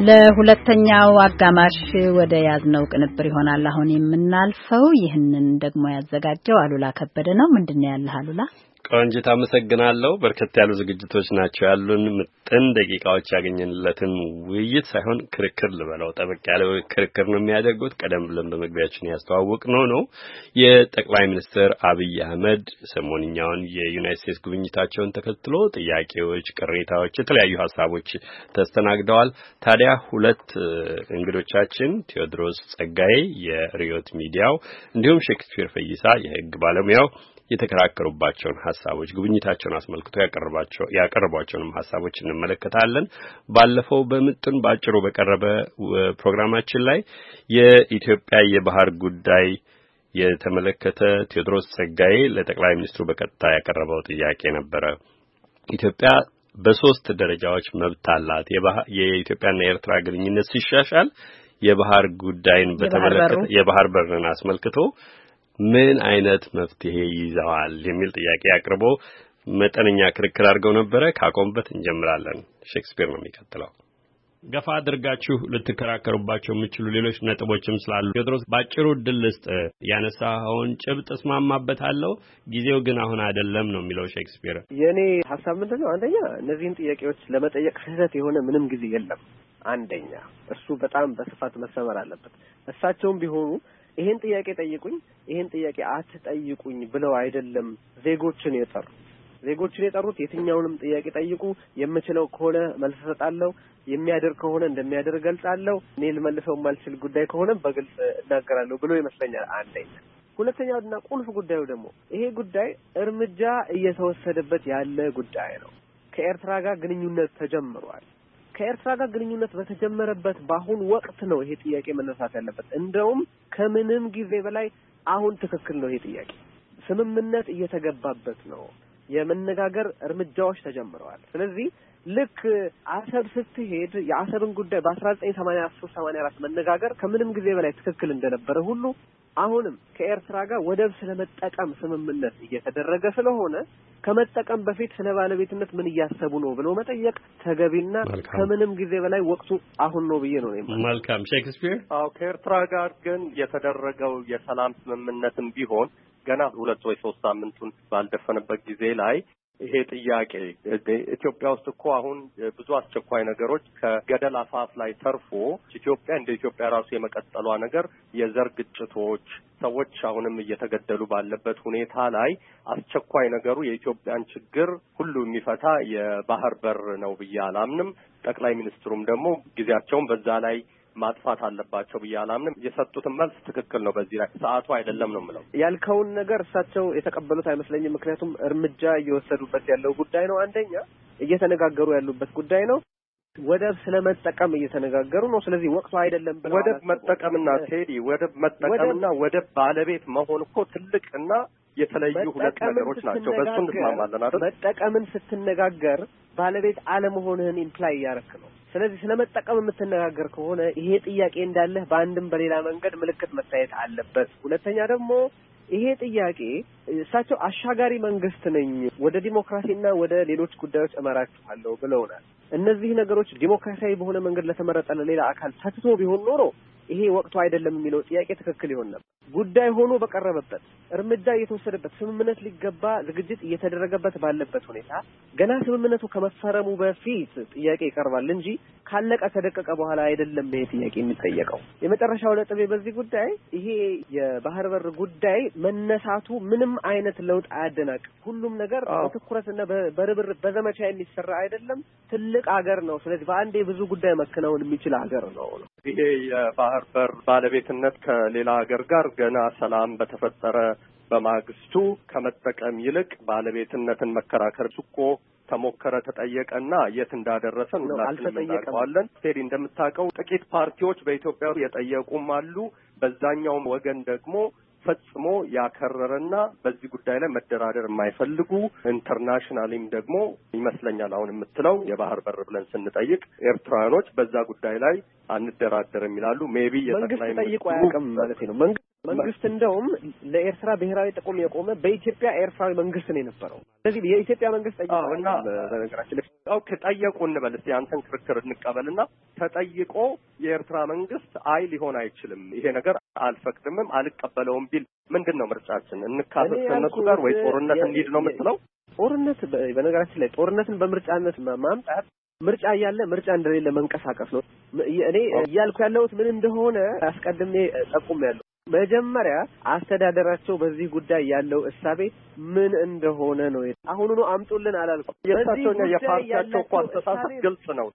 ለሁለተኛው አጋማሽ ወደ ያዝነው ቅንብር ይሆናል አሁን የምናልፈው። ይህንን ደግሞ ያዘጋጀው አሉላ ከበደ ነው። ምንድን ነው ያለህ አሉላ? ቆንጅት አመሰግናለሁ። በርከት ያሉ ዝግጅቶች ናቸው ያሉን። ምጥን ደቂቃዎች ያገኘንለትን ውይይት ሳይሆን ክርክር ልበለው ጠበቅ ያለ ክርክር ነው የሚያደርጉት። ቀደም ብለን በመግቢያችን ያስተዋወቅ ነው ነው የጠቅላይ ሚኒስትር አብይ አህመድ ሰሞንኛውን የዩናይት ስቴትስ ጉብኝታቸውን ተከትሎ ጥያቄዎች፣ ቅሬታዎች፣ የተለያዩ ሀሳቦች ተስተናግደዋል። ታዲያ ሁለት እንግዶቻችን ቴዎድሮስ ጸጋዬ የሪዮት ሚዲያው እንዲሁም ሼክስፒር ፈይሳ የህግ ባለሙያው የተከራከሩባቸውን ሀሳቦች ጉብኝታቸውን አስመልክቶ ያቀረቧቸውንም ሀሳቦች እንመለከታለን። ባለፈው በምጥን በአጭሩ በቀረበ ፕሮግራማችን ላይ የኢትዮጵያ የባህር ጉዳይ የተመለከተ ቴዎድሮስ ጸጋዬ ለጠቅላይ ሚኒስትሩ በቀጥታ ያቀረበው ጥያቄ ነበረ። ኢትዮጵያ በሶስት ደረጃዎች መብት አላት። የኢትዮጵያና የኤርትራ ግንኙነት ሲሻሻል የባህር ጉዳይን በተመለከተ የባህር በርን አስመልክቶ ምን አይነት መፍትሄ ይዘዋል የሚል ጥያቄ አቅርቦ መጠነኛ ክርክር አድርገው ነበረ። ካቆምበት እንጀምራለን። ሼክስፒር ነው የሚቀጥለው። ገፋ አድርጋችሁ ልትከራከሩባቸው የምችሉ ሌሎች ነጥቦችም ስላሉ ቴዎድሮስ ባጭሩ እድል ልስጥ። ያነሳኸውን ጭብጥ እስማማበታለሁ፣ ጊዜው ግን አሁን አይደለም ነው የሚለው ሼክስፒር። የእኔ ሀሳብ ምንድን ነው? አንደኛ እነዚህን ጥያቄዎች ለመጠየቅ ስህተት የሆነ ምንም ጊዜ የለም። አንደኛ እሱ በጣም በስፋት መሰመር አለበት። እሳቸውም ቢሆኑ ይሄን ጥያቄ ጠይቁኝ፣ ይሄን ጥያቄ አትጠይቁኝ ብለው አይደለም ዜጎችን የጠሩ ዜጎችን የጠሩት የትኛውንም ጥያቄ ጠይቁ፣ የምችለው ከሆነ መልስ እሰጣለሁ፣ የሚያደርግ ከሆነ እንደሚያደርግ ገልጻለሁ፣ እኔ ልመልሰው የማልችል ጉዳይ ከሆነ በግልጽ እናገራለሁ ብሎ ይመስለኛል። አንደኛ እና ቁልፍ ጉዳዩ ደግሞ ይሄ ጉዳይ እርምጃ እየተወሰደበት ያለ ጉዳይ ነው። ከኤርትራ ጋር ግንኙነት ተጀምሯል። ከኤርትራ ጋር ግንኙነት በተጀመረበት በአሁን ወቅት ነው ይሄ ጥያቄ መነሳት ያለበት። እንደውም ከምንም ጊዜ በላይ አሁን ትክክል ነው ይሄ ጥያቄ። ስምምነት እየተገባበት ነው። የመነጋገር እርምጃዎች ተጀምረዋል። ስለዚህ ልክ አሰብ ስትሄድ የአሰብን ጉዳይ በአስራ ዘጠኝ ሰማኒያ ሶስት ሰማኒያ አራት መነጋገር ከምንም ጊዜ በላይ ትክክል እንደነበረ ሁሉ አሁንም ከኤርትራ ጋር ወደብ ስለመጠቀም ስምምነት እየተደረገ ስለሆነ ከመጠቀም በፊት ስለ ባለቤትነት ምን እያሰቡ ነው ብሎ መጠየቅ ተገቢና ከምንም ጊዜ በላይ ወቅቱ አሁን ነው ብዬ ነው። መልካም ሼክስፒር። አዎ ከኤርትራ ጋር ግን የተደረገው የሰላም ስምምነትም ቢሆን ገና ሁለት ወይ ሶስት ሳምንቱን ባልደፈነበት ጊዜ ላይ ይሄ ጥያቄ ኢትዮጵያ ውስጥ እኮ አሁን ብዙ አስቸኳይ ነገሮች ከገደል አፋፍ ላይ ተርፎ ኢትዮጵያ እንደ ኢትዮጵያ ራሱ የመቀጠሏ ነገር የዘር ግጭቶች፣ ሰዎች አሁንም እየተገደሉ ባለበት ሁኔታ ላይ አስቸኳይ ነገሩ የኢትዮጵያን ችግር ሁሉ የሚፈታ የባህር በር ነው ብዬ አላምንም። ጠቅላይ ሚኒስትሩም ደግሞ ጊዜያቸውን በዛ ላይ ማጥፋት አለባቸው ብዬ አላምንም። የሰጡትን መልስ ትክክል ነው። በዚህ ላይ ሰዓቱ አይደለም ነው የምለው። ያልከውን ነገር እሳቸው የተቀበሉት አይመስለኝም። ምክንያቱም እርምጃ እየወሰዱበት ያለው ጉዳይ ነው። አንደኛ እየተነጋገሩ ያሉበት ጉዳይ ነው። ወደብ ስለመጠቀም እየተነጋገሩ ነው። ስለዚህ ወቅቱ አይደለም ብለው ወደብ መጠቀምና ቴዲ ወደብ መጠቀምና ወደብ ባለቤት መሆን እኮ ትልቅ እና የተለዩ ሁለት ነገሮች ናቸው። በእሱ እንስማማለን አይደል? መጠቀምን ስትነጋገር ባለቤት አለመሆንህን ኢምፕላይ እያረክ ነው። ስለዚህ ስለ መጠቀም የምትነጋገር ከሆነ ይሄ ጥያቄ እንዳለህ በአንድም በሌላ መንገድ ምልክት መታየት አለበት። ሁለተኛ ደግሞ ይሄ ጥያቄ እሳቸው አሻጋሪ መንግስት ነኝ ወደ ዲሞክራሲና ወደ ሌሎች ጉዳዮች እመራችኋለሁ ብለውናል። እነዚህ ነገሮች ዲሞክራሲያዊ በሆነ መንገድ ለተመረጠ ለሌላ አካል ተትቶ ቢሆን ኖሮ ይሄ ወቅቱ አይደለም የሚለው ጥያቄ ትክክል ይሆን ነበር። ጉዳይ ሆኖ በቀረበበት እርምጃ እየተወሰደበት ስምምነት ሊገባ ዝግጅት እየተደረገበት ባለበት ሁኔታ ገና ስምምነቱ ከመፈረሙ በፊት ጥያቄ ይቀርባል እንጂ ካለቀ ከደቀቀ በኋላ አይደለም ይሄ ጥያቄ የሚጠየቀው። የመጨረሻው ነጥቤ በዚህ ጉዳይ ይሄ የባህር በር ጉዳይ መነሳቱ ምንም አይነት ለውጥ አያደናቅም። ሁሉም ነገር በትኩረትና በርብር በዘመቻ የሚሰራ አይደለም። ትልቅ ሀገር ነው። ስለዚህ በአንዴ ብዙ ጉዳይ መከናወን የሚችል አገር ነው ነው ይሄ የባህር በር ባለቤትነት ከሌላ ሀገር ጋር ገና ሰላም በተፈጠረ በማግስቱ ከመጠቀም ይልቅ ባለቤትነትን መከራከር ሱቆ ተሞከረ ተጠየቀና የት እንዳደረሰን ሁላችንም እናውቀዋለን። እንደምታውቀው ጥቂት ፓርቲዎች በኢትዮጵያ የጠየቁም አሉ። በዛኛውም ወገን ደግሞ ፈጽሞ ያከረረና በዚህ ጉዳይ ላይ መደራደር የማይፈልጉ ኢንተርናሽናሊም ደግሞ ይመስለኛል አሁን የምትለው የባህር በር ብለን ስንጠይቅ ኤርትራውያኖች በዛ ጉዳይ ላይ አንደራደርም ይላሉ። ሜቢ የጠቅላይ ሚኒስትሩ ማለት ነው መንግስት መንግስት እንደውም ለኤርትራ ብሔራዊ ጥቅም የቆመ በኢትዮጵያ ኤርትራዊ መንግስት ነው የነበረው። ስለዚህ የኢትዮጵያ መንግስት ጠይቀና ኦኬ ጠየቁ እንበል እስኪ አንተን ክርክር እንቀበልና ተጠይቆ የኤርትራ መንግስት አይ ሊሆን አይችልም ይሄ ነገር አልፈቅድምም አልቀበለውም ቢል ምንድን ነው ምርጫችን? እንካሰስ ከእነሱ ጋር ወይ ጦርነት እንሂድ ነው የምትለው? ጦርነት በነገራችን ላይ ጦርነትን በምርጫነት ማምጣት ምርጫ እያለ ምርጫ እንደሌለ መንቀሳቀስ ነው። እኔ እያልኩ ያለሁት ምን እንደሆነ አስቀድሜ ጠቁም ያለሁ መጀመሪያ አስተዳደራቸው በዚህ ጉዳይ ያለው እሳቤ ምን እንደሆነ ነው። አሁኑኑ አምጡልን አላልኩም። የእሳቸውና የፓርቲያቸው እኮ አስተሳሰብ ግልጽ ነው፣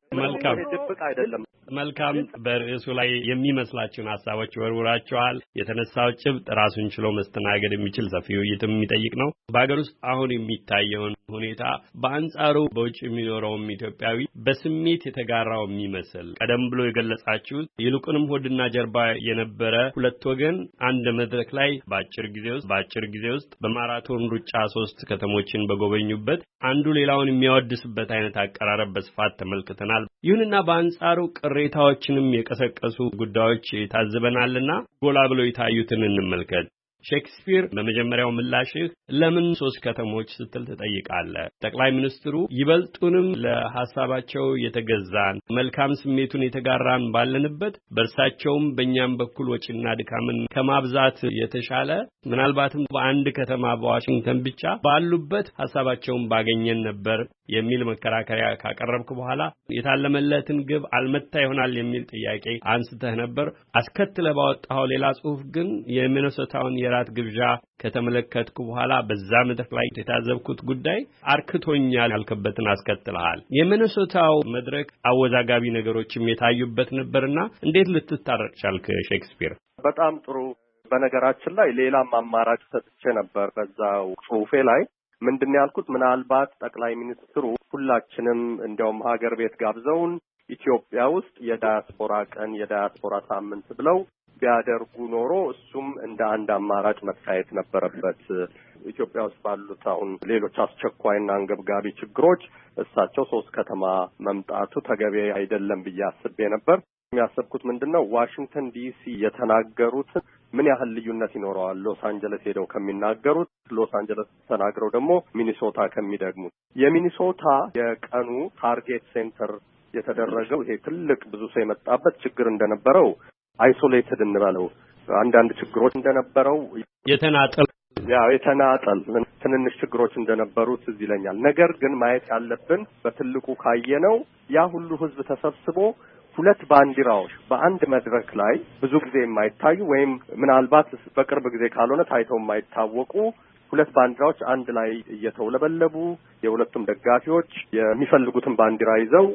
ድብቅ አይደለም። መልካም። በርዕሱ ላይ የሚመስላችሁን ሀሳቦች ወርውራችኋል። የተነሳው ጭብጥ ራሱን ችሎ መስተናገድ የሚችል ሰፊ ውይይትም የሚጠይቅ ነው። በሀገር ውስጥ አሁን የሚታየውን ሁኔታ በአንጻሩ በውጭ የሚኖረውም ኢትዮጵያዊ በስሜት የተጋራው የሚመስል ቀደም ብሎ የገለጻችሁት ይልቁንም ሆድና ጀርባ የነበረ ሁለት ወገን ግን አንድ መድረክ ላይ በአጭር ጊዜ ውስጥ በአጭር ጊዜ ውስጥ በማራቶን ሩጫ ሶስት ከተሞችን በጎበኙበት አንዱ ሌላውን የሚያወድስበት አይነት አቀራረብ በስፋት ተመልክተናል። ይሁንና በአንጻሩ ቅሬታዎችንም የቀሰቀሱ ጉዳዮች ታዝበናልና ጎላ ብለው የታዩትን እንመልከት። ሼክስፒር በመጀመሪያው ምላሽህ ለምን ሶስት ከተሞች ስትል ትጠይቃለህ። ጠቅላይ ሚኒስትሩ ይበልጡንም ለሀሳባቸው የተገዛን መልካም ስሜቱን የተጋራን ባለንበት በእርሳቸውም በእኛም በኩል ወጪና ድካምን ከማብዛት የተሻለ ምናልባትም በአንድ ከተማ በዋሽንግተን ብቻ ባሉበት ሀሳባቸውን ባገኘን ነበር የሚል መከራከሪያ ካቀረብክ በኋላ የታለመለትን ግብ አልመታ ይሆናል የሚል ጥያቄ አንስተህ ነበር። አስከትለ ባወጣኸው ሌላ ጽሁፍ ግን የሚነሶታውን የራ የራት ግብዣ ከተመለከትኩ በኋላ በዛ መድረክ ላይ የታዘብኩት ጉዳይ አርክቶኛል ያልከበትን አስከትልሃል። የሚኒሶታው መድረክ አወዛጋቢ ነገሮችም የታዩበት ነበርና እንዴት ልትታረቅ ቻልክ? ሼክስፒር በጣም ጥሩ። በነገራችን ላይ ሌላም አማራጭ ሰጥቼ ነበር በዛው ጽሁፌ ላይ ምንድን ያልኩት ምናልባት ጠቅላይ ሚኒስትሩ ሁላችንም እንዲያውም ሀገር ቤት ጋብዘውን ኢትዮጵያ ውስጥ የዳያስፖራ ቀን የዳያስፖራ ሳምንት ብለው ቢያደርጉ ኖሮ እሱም እንደ አንድ አማራጭ መታየት ነበረበት። ኢትዮጵያ ውስጥ ባሉት አሁን ሌሎች አስቸኳይና አንገብጋቢ ችግሮች እሳቸው ሶስት ከተማ መምጣቱ ተገቢ አይደለም ብዬ አስቤ ነበር። የሚያሰብኩት ምንድን ነው ዋሽንግተን ዲሲ የተናገሩትን ምን ያህል ልዩነት ይኖረዋል ሎስ አንጀለስ ሄደው ከሚናገሩት ሎስ አንጀለስ ተናግረው ደግሞ ሚኒሶታ ከሚደግሙት የሚኒሶታ የቀኑ ታርጌት ሴንተር የተደረገው ይሄ ትልቅ ብዙ ሰው የመጣበት ችግር እንደነበረው አይሶሌትድ እንበለው አንዳንድ ችግሮች እንደነበረው የተናጠል ያው የተናጠል ትንንሽ ችግሮች እንደነበሩት እዚህ ይለኛል። ነገር ግን ማየት ያለብን በትልቁ ካየነው ያ ሁሉ ህዝብ ተሰብስቦ ሁለት ባንዲራዎች በአንድ መድረክ ላይ ብዙ ጊዜ የማይታዩ ወይም ምናልባት በቅርብ ጊዜ ካልሆነ ታይተው የማይታወቁ ሁለት ባንዲራዎች አንድ ላይ እየተውለበለቡ የሁለቱም ደጋፊዎች የሚፈልጉትን ባንዲራ ይዘው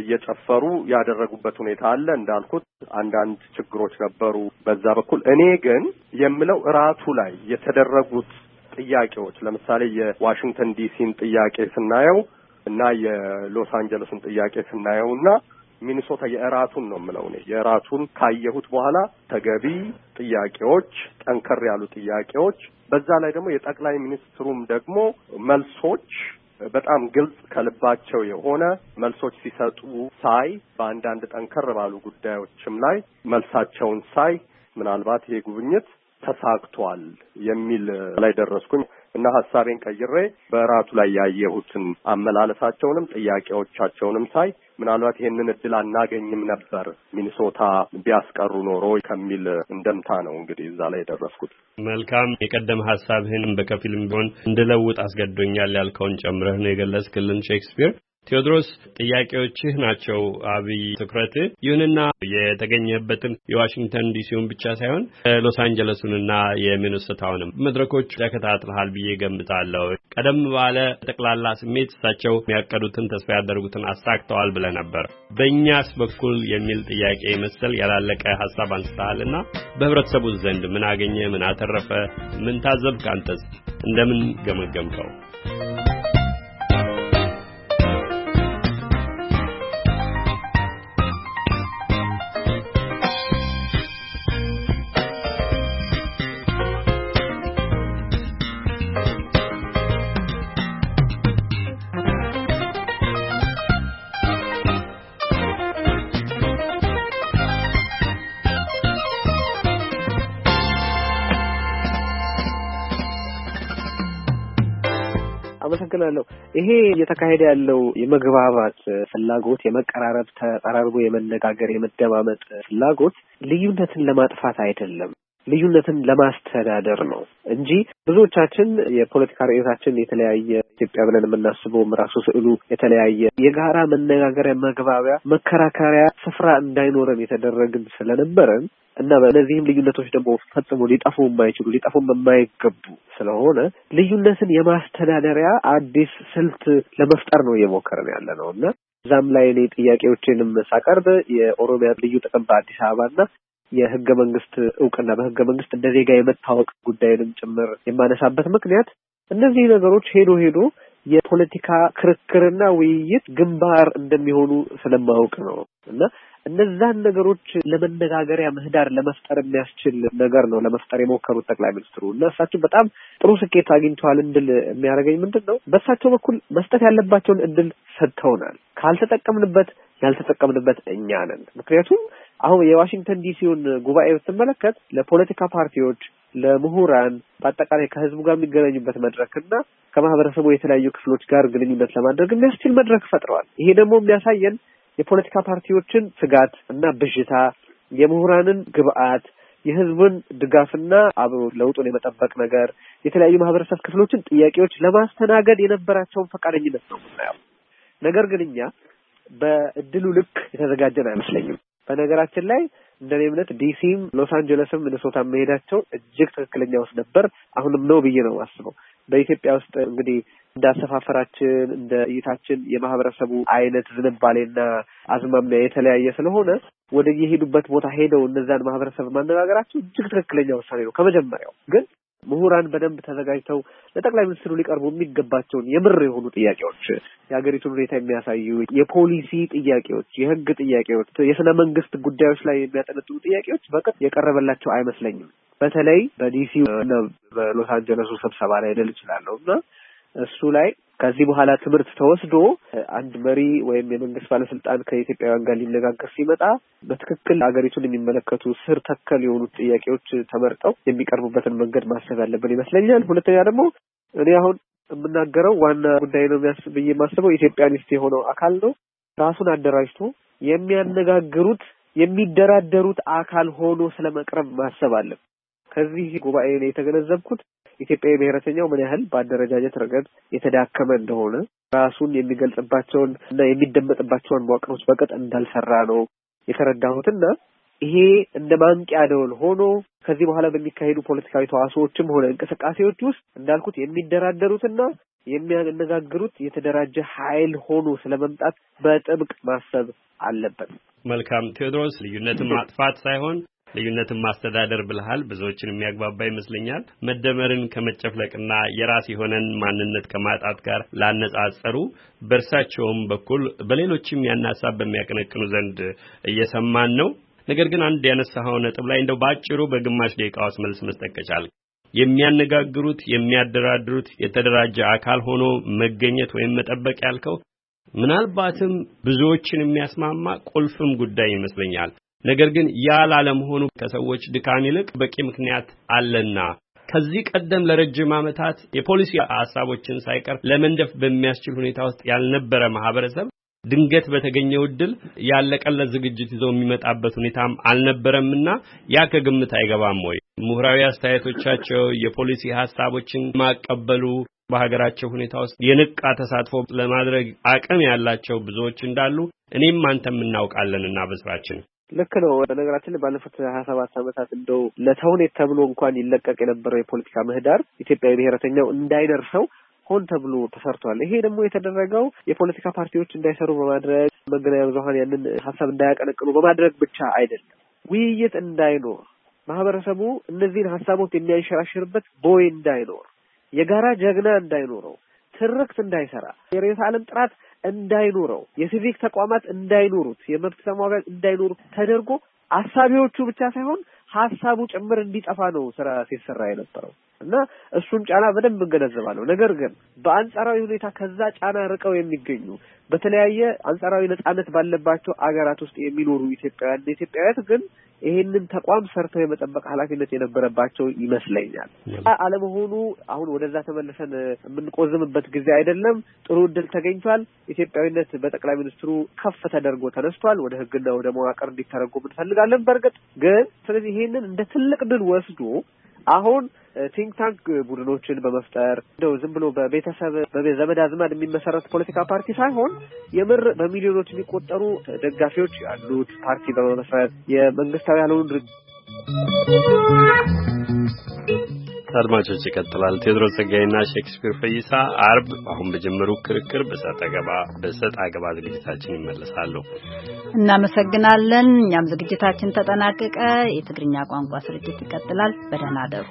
እየጨፈሩ ያደረጉበት ሁኔታ አለ። እንዳልኩት አንዳንድ ችግሮች ነበሩ በዛ በኩል። እኔ ግን የምለው እራቱ ላይ የተደረጉት ጥያቄዎች ለምሳሌ የዋሽንግተን ዲሲን ጥያቄ ስናየው እና የሎስ አንጀለስን ጥያቄ ስናየው እና ሚኒሶታ የእራቱን ነው የምለው እኔ የእራቱን ካየሁት በኋላ ተገቢ ጥያቄዎች፣ ጠንከር ያሉ ጥያቄዎች በዛ ላይ ደግሞ የጠቅላይ ሚኒስትሩም ደግሞ መልሶች በጣም ግልጽ ከልባቸው የሆነ መልሶች ሲሰጡ ሳይ በአንዳንድ ጠንከር ባሉ ጉዳዮችም ላይ መልሳቸውን ሳይ ምናልባት ይሄ ጉብኝት ተሳክቷል የሚል ላይ ደረስኩኝ። እና ሀሳቤን ቀይሬ በራቱ ላይ ያየሁትን አመላለሳቸውንም ጥያቄዎቻቸውንም ሳይ ምናልባት ይህንን እድል አናገኝም ነበር ሚኒሶታ ቢያስቀሩ ኖሮ ከሚል እንደምታ ነው እንግዲህ እዛ ላይ የደረስኩት። መልካም የቀደመ ሀሳብህን በከፊልም ቢሆን እንድለውጥ አስገዶኛል ያልከውን ጨምረህ ነው የገለጽክልን ሼክስፒር ቴዎድሮስ ጥያቄዎችህ ናቸው አብይ ትኩረት ይሁንና የተገኘህበትን የዋሽንግተን ዲሲውን ብቻ ሳይሆን ሎስ አንጀለሱንና የሚኒሶታውንም መድረኮች ተከታትልሃል ብዬ ገምታለሁ። ቀደም ባለ ጠቅላላ ስሜት እሳቸው የሚያቀዱትን ተስፋ ያደርጉትን አሳክተዋል ብለህ ነበር። በእኛስ በኩል የሚል ጥያቄ መሰል ያላለቀ ሀሳብ አንስተሃልና በህብረተሰቡ ዘንድ ምን አገኘ? ምን አተረፈ? ምን ታዘብክ? አንተስ እንደምን ገመገምከው? አመሰግናለሁ። ይሄ እየተካሄደ ያለው የመግባባት ፍላጎት፣ የመቀራረብ ተቀራርቦ የመነጋገር የመደማመጥ ፍላጎት ልዩነትን ለማጥፋት አይደለም። ልዩነትን ለማስተዳደር ነው እንጂ ብዙዎቻችን የፖለቲካ ርዕዮታችን የተለያየ ኢትዮጵያ ብለን የምናስበውም ራሱ ስዕሉ የተለያየ የጋራ መነጋገሪያ፣ መግባቢያ፣ መከራከሪያ ስፍራ እንዳይኖረን የተደረግን ስለነበረን እና በእነዚህም ልዩነቶች ደግሞ ፈጽሞ ሊጠፉ የማይችሉ ሊጠፉም የማይገቡ ስለሆነ ልዩነትን የማስተዳደሪያ አዲስ ስልት ለመፍጠር ነው እየሞከርን ያለ ነው እና እዛም ላይ እኔ ጥያቄዎችንም ሳቀርብ የኦሮሚያ ልዩ ጥቅም በአዲስ አበባ የህገ መንግስት እውቅና በህገ መንግስት እንደ ዜጋ የመታወቅ ጉዳይንም ጭምር የማነሳበት ምክንያት እነዚህ ነገሮች ሄዶ ሄዶ የፖለቲካ ክርክርና ውይይት ግንባር እንደሚሆኑ ስለማወቅ ነው እና እነዛን ነገሮች ለመነጋገሪያ ምህዳር ለመፍጠር የሚያስችል ነገር ነው ለመፍጠር የሞከሩት ጠቅላይ ሚኒስትሩ እና እሳቸው በጣም ጥሩ ስኬት አግኝተዋል እንድል የሚያደርገኝ ምንድን ነው? በእሳቸው በኩል መስጠት ያለባቸውን እድል ሰጥተውናል። ካልተጠቀምንበት ያልተጠቀምንበት እኛ ነን። ምክንያቱም አሁን የዋሽንግተን ዲሲውን ጉባኤ ብትመለከት ለፖለቲካ ፓርቲዎች፣ ለምሁራን፣ በአጠቃላይ ከህዝቡ ጋር የሚገናኙበት መድረክና ከማህበረሰቡ የተለያዩ ክፍሎች ጋር ግንኙነት ለማድረግ የሚያስችል መድረክ ፈጥረዋል። ይሄ ደግሞ የሚያሳየን የፖለቲካ ፓርቲዎችን ስጋት እና ብዥታ፣ የምሁራንን ግብአት የህዝቡን ድጋፍና አብሮ ለውጡን የመጠበቅ ነገር የተለያዩ ማህበረሰብ ክፍሎችን ጥያቄዎች ለማስተናገድ የነበራቸውን ፈቃደኝነት ነው ምናየው ነገር ግን እኛ በእድሉ ልክ የተዘጋጀን አይመስለኝም። በነገራችን ላይ እንደኔ እምነት ዲሲም ሎስ አንጀለስም ሚኒሶታ መሄዳቸው እጅግ ትክክለኛ ውስጥ ነበር። አሁንም ነው ብዬ ነው የማስበው በኢትዮጵያ ውስጥ እንግዲህ እንዳሰፋፈራችን እንደ እይታችን የማህበረሰቡ አይነት ዝንባሌና አዝማሚያ የተለያየ ስለሆነ ወደ የሄዱበት ቦታ ሄደው እነዛን ማህበረሰብ ማነጋገራቸው እጅግ ትክክለኛ ውሳኔ ነው። ከመጀመሪያው ግን ምሁራን በደንብ ተዘጋጅተው ለጠቅላይ ሚኒስትሩ ሊቀርቡ የሚገባቸውን የምር የሆኑ ጥያቄዎች፣ የሀገሪቱን ሁኔታ የሚያሳዩ የፖሊሲ ጥያቄዎች፣ የህግ ጥያቄዎች፣ የስነ መንግስት ጉዳዮች ላይ የሚያጠነጥኑ ጥያቄዎች በቅጥ የቀረበላቸው አይመስለኝም። በተለይ በዲሲ እና በሎስ አንጀለሱ ስብሰባ ላይ ደል እችላለሁ እና እሱ ላይ ከዚህ በኋላ ትምህርት ተወስዶ አንድ መሪ ወይም የመንግስት ባለስልጣን ከኢትዮጵያውያን ጋር ሊነጋገር ሲመጣ በትክክል ሀገሪቱን የሚመለከቱ ስር ተከል የሆኑት ጥያቄዎች ተመርጠው የሚቀርቡበትን መንገድ ማሰብ ያለብን ይመስለኛል። ሁለተኛ ደግሞ እኔ አሁን የምናገረው ዋና ጉዳይ ነው ብዬ የማስበው ኢትዮጵያኒስት የሆነው አካል ነው። ራሱን አደራጅቶ የሚያነጋግሩት የሚደራደሩት አካል ሆኖ ስለመቅረብ ማሰብ አለን። ከዚህ ጉባኤ የተገነዘብኩት ኢትዮጵያዊ ብሔረተኛው ምን ያህል በአደረጃጀት ረገድ የተዳከመ እንደሆነ ራሱን የሚገልጽባቸውን እና የሚደመጥባቸውን መዋቅሮች በቅጥ እንዳልሰራ ነው የተረዳሁትና ይሄ እንደ ማንቂያ ደወል ሆኖ ከዚህ በኋላ በሚካሄዱ ፖለቲካዊ ተዋሶዎችም ሆነ እንቅስቃሴዎች ውስጥ እንዳልኩት የሚደራደሩትና የሚያነጋግሩት የተደራጀ ኃይል ሆኖ ስለመምጣት በጥብቅ ማሰብ አለበት። መልካም ቴዎድሮስ፣ ልዩነትን ማጥፋት ሳይሆን ልዩነትን ማስተዳደር ብልሃል ብዙዎችን የሚያግባባ ይመስለኛል። መደመርን ከመጨፍለቅና የራስ የሆነን ማንነት ከማጣት ጋር ላነጻጸሩ በእርሳቸውም በኩል በሌሎችም ያን ሀሳብ በሚያቀነቅኑ ዘንድ እየሰማን ነው። ነገር ግን አንድ ያነሳኸው ነጥብ ላይ እንደው በአጭሩ በግማሽ ደቂቃ ውስጥ መልስ መስጠት ከቻልክ የሚያነጋግሩት የሚያደራድሩት የተደራጀ አካል ሆኖ መገኘት ወይም መጠበቅ ያልከው ምናልባትም ብዙዎችን የሚያስማማ ቁልፍም ጉዳይ ይመስለኛል። ነገር ግን ያ ላለመሆኑ ከሰዎች ድካም ይልቅ በቂ ምክንያት አለና ከዚህ ቀደም ለረጅም ዓመታት የፖሊሲ ሀሳቦችን ሳይቀር ለመንደፍ በሚያስችል ሁኔታ ውስጥ ያልነበረ ማህበረሰብ ድንገት በተገኘው እድል ያለቀለት ዝግጅት ይዞ የሚመጣበት ሁኔታም አልነበረምና ያ ከግምት አይገባም ወይ? ምሁራዊ አስተያየቶቻቸው የፖሊሲ ሀሳቦችን ማቀበሉ በሀገራቸው ሁኔታ ውስጥ የንቃ ተሳትፎ ለማድረግ አቅም ያላቸው ብዙዎች እንዳሉ እኔም አንተም እናውቃለንና በስራችን ልክ ነው። በነገራችን ላይ ባለፉት ሀያ ሰባት ዓመታት እንደው ለተውኔት ተብሎ እንኳን ይለቀቅ የነበረው የፖለቲካ ምህዳር ኢትዮጵያዊ ብሔረተኛው እንዳይደርሰው ሆን ተብሎ ተሰርቷል። ይሄ ደግሞ የተደረገው የፖለቲካ ፓርቲዎች እንዳይሰሩ በማድረግ መገናኛ ብዙኃን ያንን ሀሳብ እንዳያቀነቅኑ በማድረግ ብቻ አይደለም። ውይይት እንዳይኖር ማህበረሰቡ እነዚህን ሀሳቦች የሚያንሸራሽርበት ቦይ እንዳይኖር፣ የጋራ ጀግና እንዳይኖረው፣ ትርክት እንዳይሰራ፣ የርዕዮተ ዓለም ጥራት እንዳይኖረው፣ የሲቪክ ተቋማት እንዳይኖሩት፣ የመብት ተሟጋች እንዳይኖሩት ተደርጎ አሳቢዎቹ ብቻ ሳይሆን ሀሳቡ ጭምር እንዲጠፋ ነው ስራ ሲሰራ የነበረው። እና እሱን ጫና በደንብ እገነዘባለሁ። ነገር ግን በአንጻራዊ ሁኔታ ከዛ ጫና ርቀው የሚገኙ በተለያየ አንጻራዊ ነጻነት ባለባቸው አገራት ውስጥ የሚኖሩ ኢትዮጵያውያን ኢትዮጵያውያት ግን ይሄንን ተቋም ሰርተው የመጠበቅ ኃላፊነት የነበረባቸው ይመስለኛል። አለመሆኑ አሁን ወደዛ ተመልሰን የምንቆዝምበት ጊዜ አይደለም። ጥሩ እድል ተገኝቷል። ኢትዮጵያዊነት በጠቅላይ ሚኒስትሩ ከፍ ተደርጎ ተነስቷል። ወደ ሕግና ወደ መዋቅር እንዲተረጎም እንፈልጋለን። በእርግጥ ግን ስለዚህ ይሄንን እንደ ትልቅ ድል ወስዶ አሁን ቲንክ ታንክ ቡድኖችን በመፍጠር እንደው ዝም ብሎ በቤተሰብ በዘመድ አዝማድ የሚመሰረት ፖለቲካ ፓርቲ ሳይሆን የምር በሚሊዮኖች የሚቆጠሩ ደጋፊዎች ያሉት ፓርቲ በመመስረት የመንግስታዊ ያልሆኑ ድርጅ አድማጮች ይቀጥላል። ቴዎድሮስ ጸጋይና ሼክስፒር ፈይሳ አርብ አሁን በጀመሩ ክርክር በሰጥ አገባ ዝግጅታችን ይመለሳሉ። እናመሰግናለን። እኛም ዝግጅታችን ተጠናቀቀ። የትግርኛ ቋንቋ ስርጭት ይቀጥላል። በደህና አደሩ።